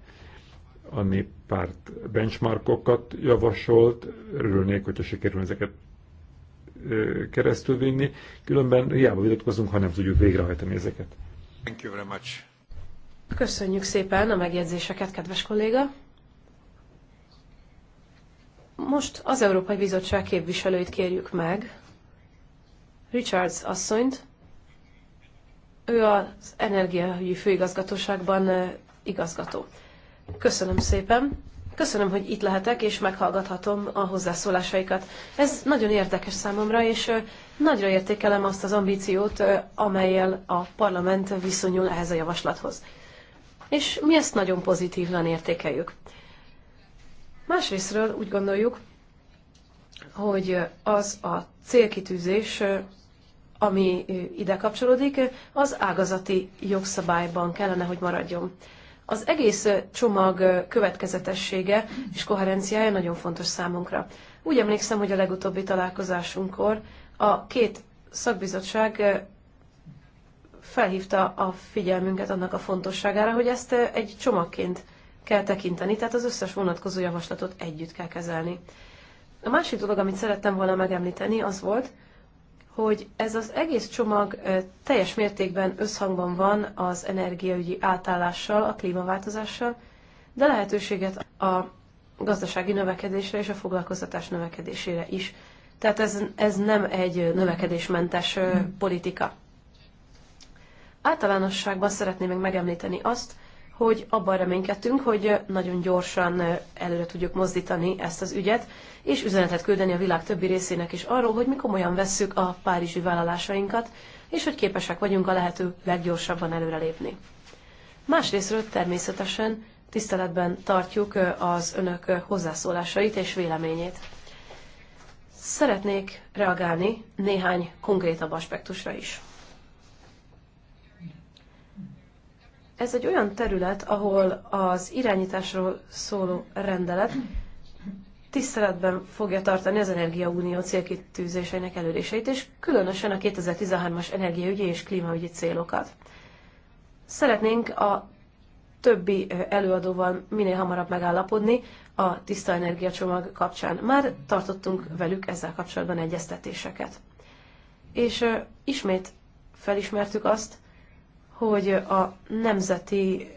A néppárt benchmarkokat javasolt, örülnék, hogyha sikerül ezeket keresztül vinni, különben hiába vitatkozunk, ha nem tudjuk végrehajtani ezeket. Thank you very much. Köszönjük szépen a megjegyzéseket, kedves kolléga. Most az Európai Bizottság képviselőit kérjük meg. Richards asszonyt. Ő az Energiaügyi Főigazgatóságban igazgató. Köszönöm szépen. Köszönöm, hogy itt lehetek, és meghallgathatom a hozzászólásaikat. Ez nagyon érdekes számomra, és nagyra értékelem azt az ambíciót, amelyel a parlament viszonyul ehhez a javaslathoz és mi ezt nagyon pozitívan értékeljük. Másrésztről úgy gondoljuk, hogy az a célkitűzés, ami ide kapcsolódik, az ágazati jogszabályban kellene, hogy maradjon. Az egész csomag következetessége és koherenciája nagyon fontos számunkra. Úgy emlékszem, hogy a legutóbbi találkozásunkkor a két szakbizottság felhívta a figyelmünket annak a fontosságára, hogy ezt egy csomagként kell tekinteni, tehát az összes vonatkozó javaslatot együtt kell kezelni. A másik dolog, amit szerettem volna megemlíteni, az volt, hogy ez az egész csomag teljes mértékben összhangban van az energiaügyi átállással, a klímaváltozással, de lehetőséget a gazdasági növekedésre és a foglalkoztatás növekedésére is. Tehát ez, ez nem egy növekedésmentes politika. Általánosságban szeretném még megemlíteni azt, hogy abban reménykedtünk, hogy nagyon gyorsan előre tudjuk mozdítani ezt az ügyet, és üzenetet küldeni a világ többi részének is arról, hogy mi komolyan vesszük a párizsi vállalásainkat, és hogy képesek vagyunk a lehető leggyorsabban előrelépni. Másrésztről természetesen tiszteletben tartjuk az önök hozzászólásait és véleményét. Szeretnék reagálni néhány konkrétabb aspektusra is. Ez egy olyan terület, ahol az irányításról szóló rendelet tiszteletben fogja tartani az Unió célkitűzéseinek előréseit, és különösen a 2013-as energiaügyi és klímaügyi célokat. Szeretnénk a többi előadóval minél hamarabb megállapodni a tiszta energiacsomag kapcsán. Már tartottunk velük ezzel kapcsolatban egyeztetéseket. És ismét felismertük azt, hogy a nemzeti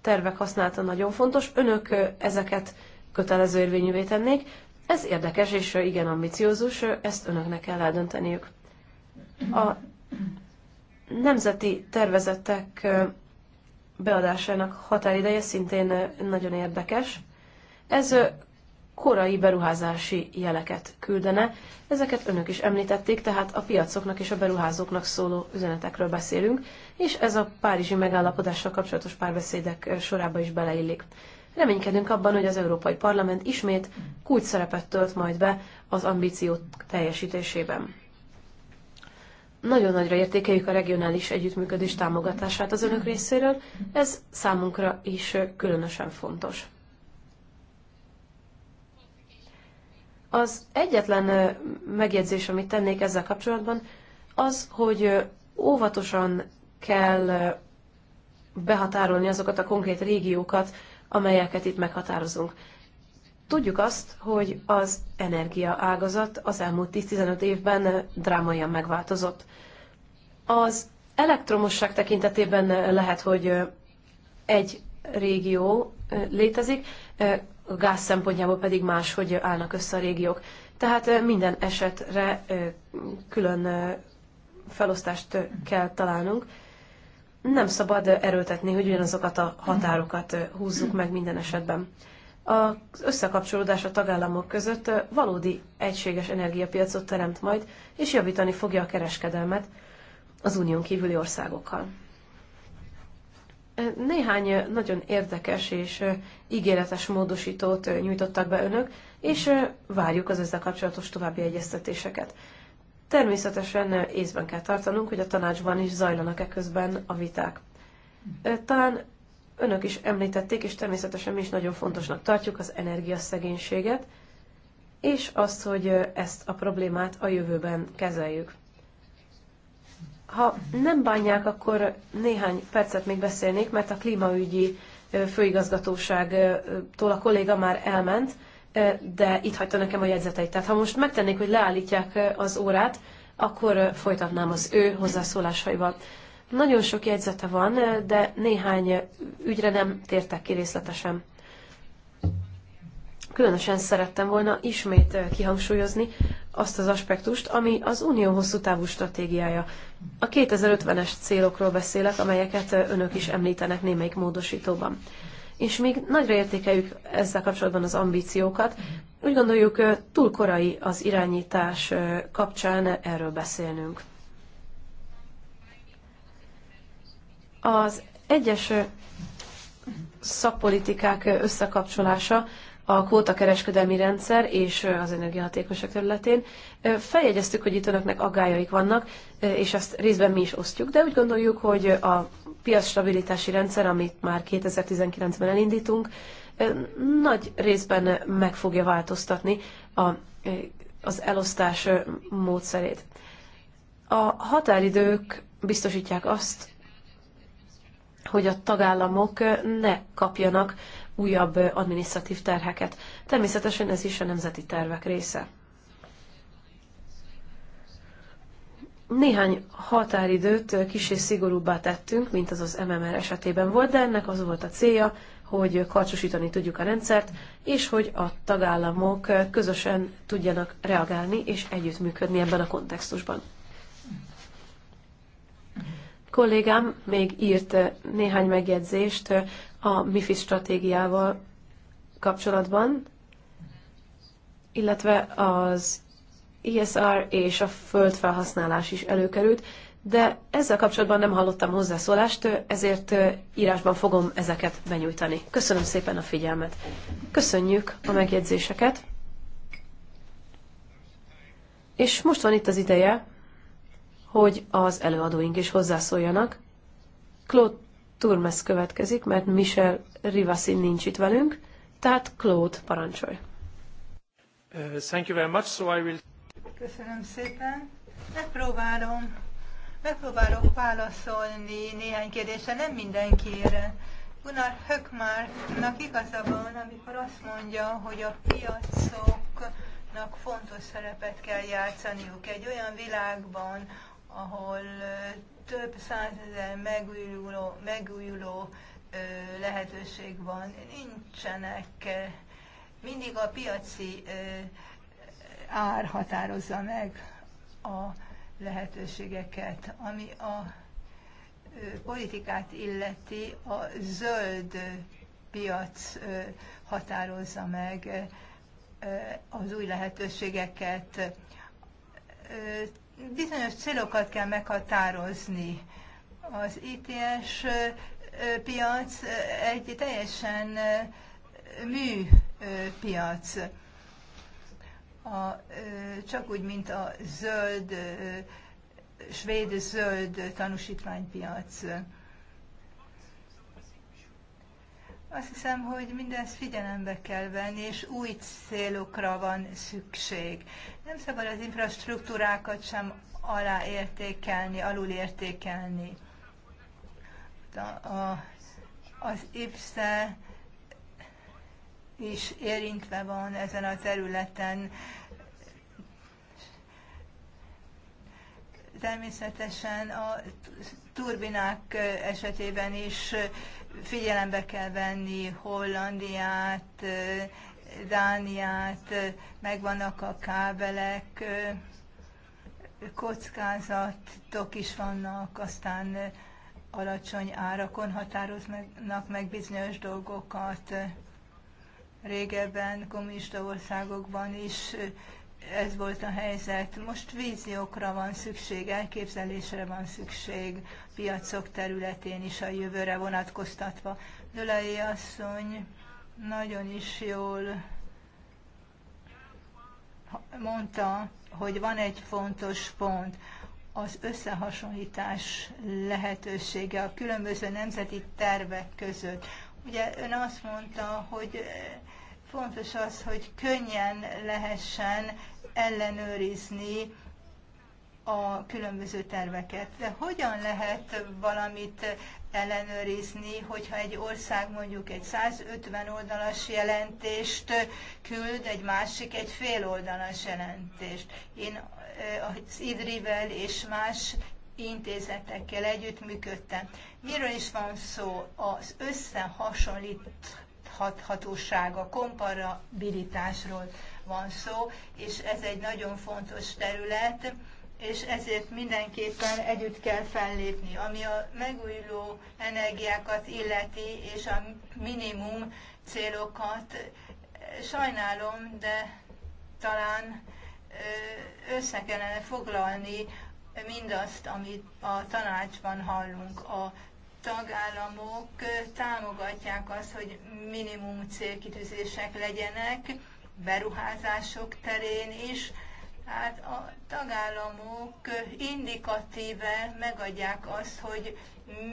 tervek használata nagyon fontos. Önök ezeket kötelező érvényűvé tennék. Ez érdekes és igen ambiciózus, ezt önöknek kell eldönteniük. A nemzeti tervezetek beadásának határideje szintén nagyon érdekes. Ez korai beruházási jeleket küldene. Ezeket önök is említették, tehát a piacoknak és a beruházóknak szóló üzenetekről beszélünk, és ez a párizsi megállapodással kapcsolatos párbeszédek sorába is beleillik. Reménykedünk abban, hogy az Európai Parlament ismét kulcs szerepet tölt majd be az ambíciót teljesítésében. Nagyon nagyra értékeljük a regionális együttműködés támogatását az önök részéről, ez számunkra is különösen fontos. Az egyetlen megjegyzés, amit tennék ezzel kapcsolatban, az, hogy óvatosan kell behatárolni azokat a konkrét régiókat, amelyeket itt meghatározunk. Tudjuk azt, hogy az ágazat az elmúlt 10-15 évben drámaian megváltozott. Az elektromosság tekintetében lehet, hogy egy régió létezik, a gáz szempontjából pedig máshogy állnak össze a régiók. Tehát minden esetre külön felosztást kell találnunk. Nem szabad erőltetni, hogy ugyanazokat a határokat húzzuk meg minden esetben. Az összekapcsolódás a tagállamok között valódi egységes energiapiacot teremt majd, és javítani fogja a kereskedelmet az unión kívüli országokkal. Néhány nagyon érdekes és ígéretes módosítót nyújtottak be önök, és várjuk az ezzel kapcsolatos további egyeztetéseket. Természetesen észben kell tartanunk, hogy a tanácsban is zajlanak e közben a viták. Talán önök is említették, és természetesen mi is nagyon fontosnak tartjuk az energiaszegénységet, és azt, hogy ezt a problémát a jövőben kezeljük. Ha nem bánják, akkor néhány percet még beszélnék, mert a klímaügyi főigazgatóságtól a kolléga már elment, de itt hagyta nekem a jegyzeteit. Tehát ha most megtennék, hogy leállítják az órát, akkor folytatnám az ő hozzászólásaival. Nagyon sok jegyzete van, de néhány ügyre nem tértek ki részletesen. Különösen szerettem volna ismét kihangsúlyozni, azt az aspektust, ami az unió hosszú távú stratégiája. A 2050-es célokról beszélek, amelyeket önök is említenek némelyik módosítóban. És még nagyra értékeljük ezzel kapcsolatban az ambíciókat. Úgy gondoljuk, túl korai az irányítás kapcsán erről beszélnünk. Az egyes szakpolitikák összekapcsolása a kóta kereskedelmi rendszer és az energiahatékosság területén. Feljegyeztük, hogy itt önöknek aggájaik vannak, és ezt részben mi is osztjuk, de úgy gondoljuk, hogy a piacstabilitási rendszer, amit már 2019-ben elindítunk, nagy részben meg fogja változtatni a, az elosztás módszerét. A határidők biztosítják azt, hogy a tagállamok ne kapjanak újabb adminisztratív terheket. Természetesen ez is a nemzeti tervek része. Néhány határidőt kis és szigorúbbá tettünk, mint az az MMR esetében volt, de ennek az volt a célja, hogy karcsosítani tudjuk a rendszert, és hogy a tagállamok közösen tudjanak reagálni és együttműködni ebben a kontextusban kollégám még írt eh, néhány megjegyzést eh, a MIFI stratégiával kapcsolatban, illetve az ISR és a földfelhasználás is előkerült, de ezzel kapcsolatban nem hallottam hozzászólást, eh, ezért írásban fogom ezeket benyújtani. Köszönöm szépen a figyelmet. Köszönjük a megjegyzéseket. És most van itt az ideje, hogy az előadóink is hozzászóljanak. Claude Turmes következik, mert Michel Rivasin nincs itt velünk, tehát Claude parancsolj. Uh, thank you very much, so I will... Köszönöm szépen. Megpróbálom, megpróbálok válaszolni néhány kérdésre, nem mindenkire. Gunnar Höckmarknak igaza van, amikor azt mondja, hogy a piacoknak fontos szerepet kell játszaniuk egy olyan világban, ahol több százezer megújuló, megújuló lehetőség van. Nincsenek, mindig a piaci ár határozza meg a lehetőségeket, ami a politikát illeti, a zöld piac határozza meg az új lehetőségeket bizonyos célokat kell meghatározni. Az ITS piac egy teljesen mű piac. A, csak úgy, mint a zöld, svéd zöld tanúsítványpiac. Azt hiszem, hogy mindezt figyelembe kell venni, és új célokra van szükség. Nem szabad az infrastruktúrákat sem aláértékelni, alulértékelni. A, a, az IPSZE is érintve van ezen a területen, Természetesen a turbinák esetében is figyelembe kell venni Hollandiát, Dániát, megvannak a kábelek, kockázatok is vannak, aztán alacsony árakon határoznak meg bizonyos dolgokat. Régebben kommunista országokban is ez volt a helyzet. Most víziókra van szükség, elképzelésre van szükség, piacok területén is a jövőre vonatkoztatva. Dölei asszony nagyon is jól mondta, hogy van egy fontos pont, az összehasonlítás lehetősége a különböző nemzeti tervek között. Ugye ön azt mondta, hogy Fontos az, hogy könnyen lehessen ellenőrizni a különböző terveket. De hogyan lehet valamit ellenőrizni, hogyha egy ország mondjuk egy 150 oldalas jelentést küld, egy másik egy fél oldalas jelentést. Én eh, az Idrivel és más intézetekkel együtt működtem. Miről is van szó? Az összehasonlít összehasonlíthatósága, komparabilitásról van szó, és ez egy nagyon fontos terület, és ezért mindenképpen együtt kell fellépni. Ami a megújuló energiákat illeti, és a minimum célokat, sajnálom, de talán össze kellene foglalni mindazt, amit a tanácsban hallunk a tagállamok támogatják azt, hogy minimum célkitűzések legyenek, beruházások terén is. Hát a tagállamok indikatíve megadják azt, hogy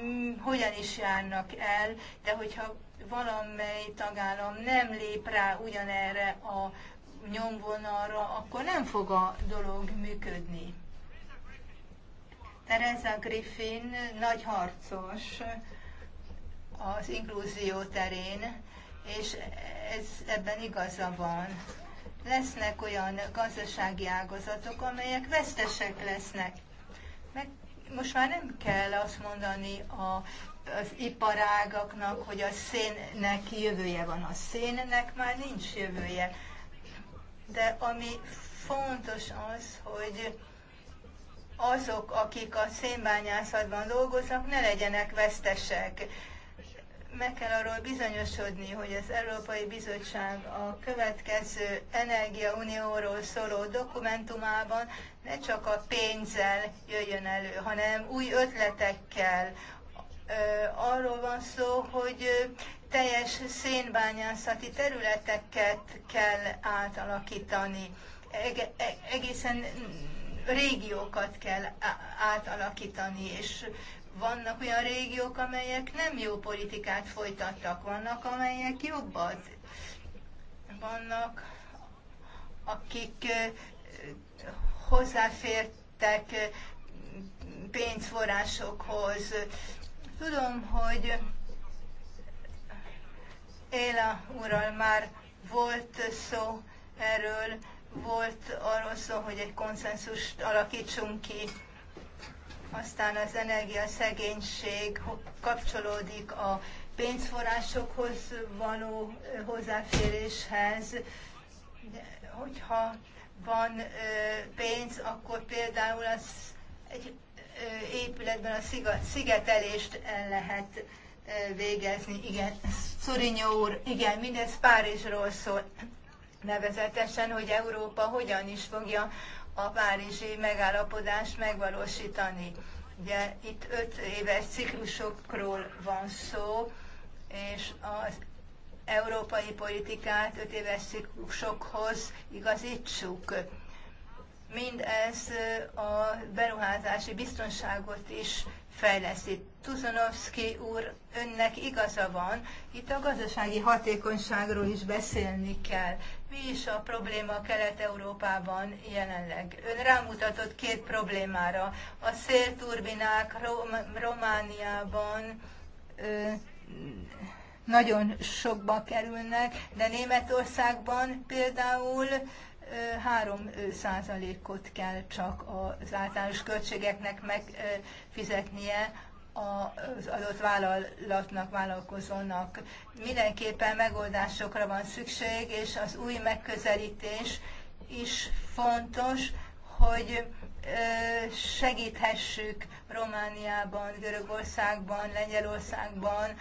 mm, hogyan is járnak el, de hogyha valamely tagállam nem lép rá ugyanerre a nyomvonalra, akkor nem fog a dolog működni. Teresa Griffin nagy harcos az inkluzió terén, és ez, ebben igaza van. Lesznek olyan gazdasági ágazatok, amelyek vesztesek lesznek. Meg most már nem kell azt mondani a, az iparágaknak, hogy a szénnek jövője van. A szénnek már nincs jövője. De ami fontos az, hogy azok, akik a szénbányászatban dolgoznak, ne legyenek vesztesek. Meg kell arról bizonyosodni, hogy az Európai Bizottság a következő Energiaunióról szóló dokumentumában ne csak a pénzzel jöjjön elő, hanem új ötletekkel. Arról van szó, hogy teljes szénbányászati területeket kell átalakítani. E- egészen régiókat kell átalakítani, és vannak olyan régiók, amelyek nem jó politikát folytattak, vannak, amelyek jobbat, vannak, akik hozzáfértek pénzforrásokhoz. Tudom, hogy Éla úrral már volt szó erről, volt arról szó, hogy egy konszenzust alakítsunk ki. Aztán az energiaszegénység kapcsolódik a pénzforrásokhoz való hozzáféréshez. Hogyha van pénz, akkor például az egy épületben a szigetelést el lehet végezni. Igen, Szurinyó úr, igen, mindez Párizsról szól nevezetesen, hogy Európa hogyan is fogja a párizsi megállapodást megvalósítani. Ugye itt öt éves ciklusokról van szó, és az európai politikát öt éves ciklusokhoz igazítsuk. Mindez a beruházási biztonságot is fejleszti. Tuzanovszki úr, önnek igaza van, itt a gazdasági hatékonyságról is beszélni kell. Mi is a probléma Kelet-Európában jelenleg? Ön rámutatott két problémára. A szélturbinák Rom- Romániában ö, nagyon sokba kerülnek, de Németországban például 3%-ot kell csak az általános költségeknek megfizetnie az adott vállalatnak, vállalkozónak. Mindenképpen megoldásokra van szükség, és az új megközelítés is fontos, hogy segíthessük Romániában, Görögországban, Lengyelországban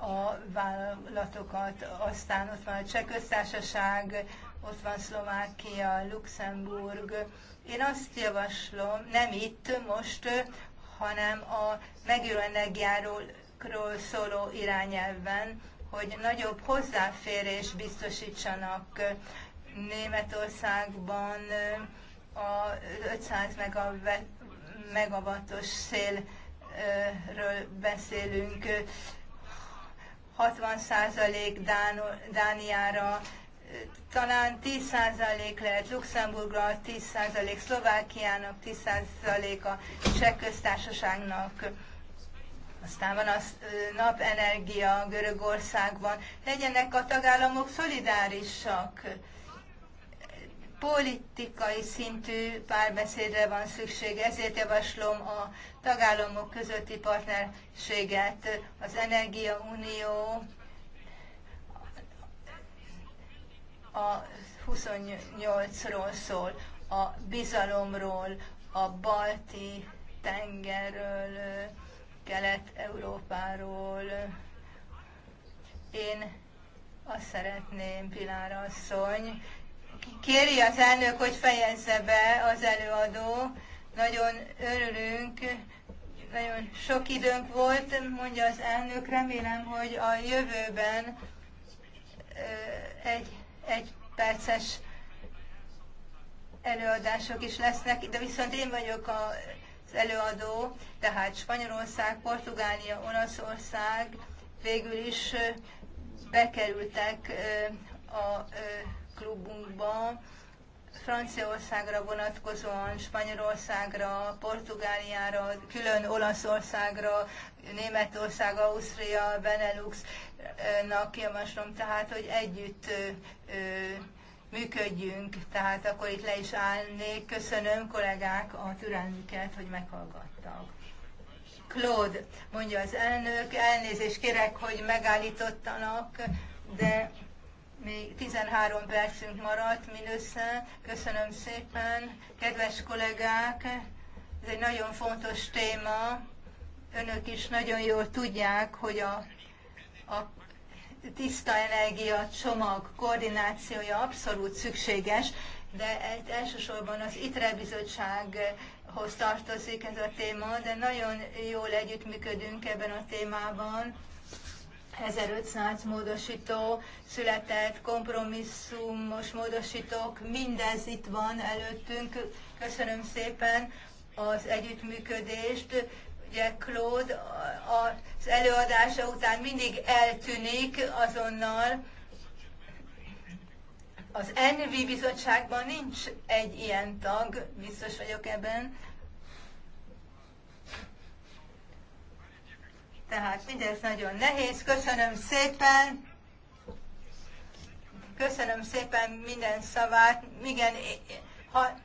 a vállalatokat. Aztán ott van a Cseh Köztársaság, ott van Szlovákia, Luxemburg. Én azt javaslom, nem itt most, hanem a megülő energiáról szóló irányelvben, hogy nagyobb hozzáférés biztosítsanak Németországban a 500 megawattos szélről beszélünk, 60% Dán- Dániára, talán 10% lehet Luxemburgra, 10% Szlovákiának, 10%-a Cseh köztársaságnak. Aztán van a napenergia Görögországban. Legyenek a tagállamok szolidárisak. Politikai szintű párbeszédre van szükség, ezért javaslom a tagállamok közötti partnerséget, az energiaunió, a 28-ról szól, a bizalomról, a balti tengerről, Kelet-Európáról. Én azt szeretném, Pilár asszony, kéri az elnök, hogy fejezze be az előadó. Nagyon örülünk, nagyon sok időnk volt, mondja az elnök. Remélem, hogy a jövőben egy egy perces előadások is lesznek, de viszont én vagyok az előadó, tehát Spanyolország, Portugália, Olaszország végül is bekerültek a klubunkba, Franciaországra vonatkozóan, Spanyolországra, Portugáliára, külön Olaszországra, Németország, Ausztria, Benelux nak javaslom tehát, hogy együtt működjünk, tehát akkor itt le is állnék. Köszönöm kollégák a türelmüket, hogy meghallgattak. Claude, mondja az elnök, elnézést kérek, hogy megállítottanak, de még 13 percünk maradt mindössze. Köszönöm szépen, kedves kollégák, ez egy nagyon fontos téma. Önök is nagyon jól tudják, hogy a a tiszta energia csomag koordinációja abszolút szükséges, de elsősorban az ITRE bizottsághoz tartozik ez a téma, de nagyon jól együttműködünk ebben a témában. 1500 módosító született, kompromisszumos módosítók, mindez itt van előttünk. Köszönöm szépen az együttműködést. Ugye Claude az előadása után mindig eltűnik azonnal. Az NV bizottságban nincs egy ilyen tag, biztos vagyok ebben. Tehát mindez nagyon nehéz. Köszönöm szépen! Köszönöm szépen minden szavát. Igen, ha,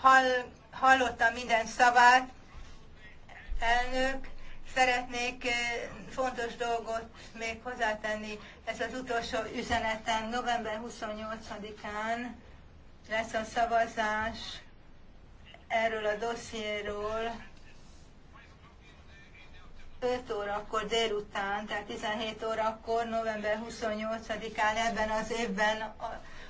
hall, hallottam minden szavát elnök. Szeretnék eh, fontos dolgot még hozzátenni. Ez az utolsó üzenetem. November 28-án lesz a szavazás erről a dossziéről. 5 órakor délután, tehát 17 órakor, november 28-án ebben az évben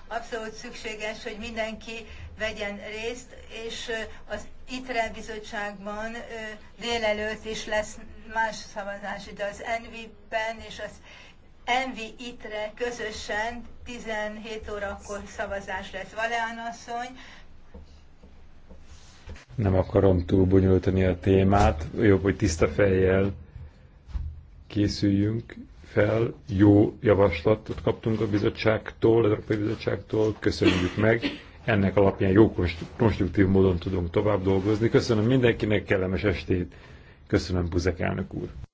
abszolút szükséges, hogy mindenki vegyen részt, és az ITRE bizottságban délelőtt is lesz más szavazás, de az ENVI-ben és az Envi ITRE közösen 17 órakor szavazás lesz. Valean asszony, nem akarom túl bonyolítani a témát, jobb, hogy tiszta fejjel készüljünk fel. Jó javaslatot kaptunk a bizottságtól, az Európai Bizottságtól, köszönjük meg ennek alapján jó konstruktív módon tudunk tovább dolgozni. Köszönöm mindenkinek, kellemes estét, köszönöm Buzek elnök úr.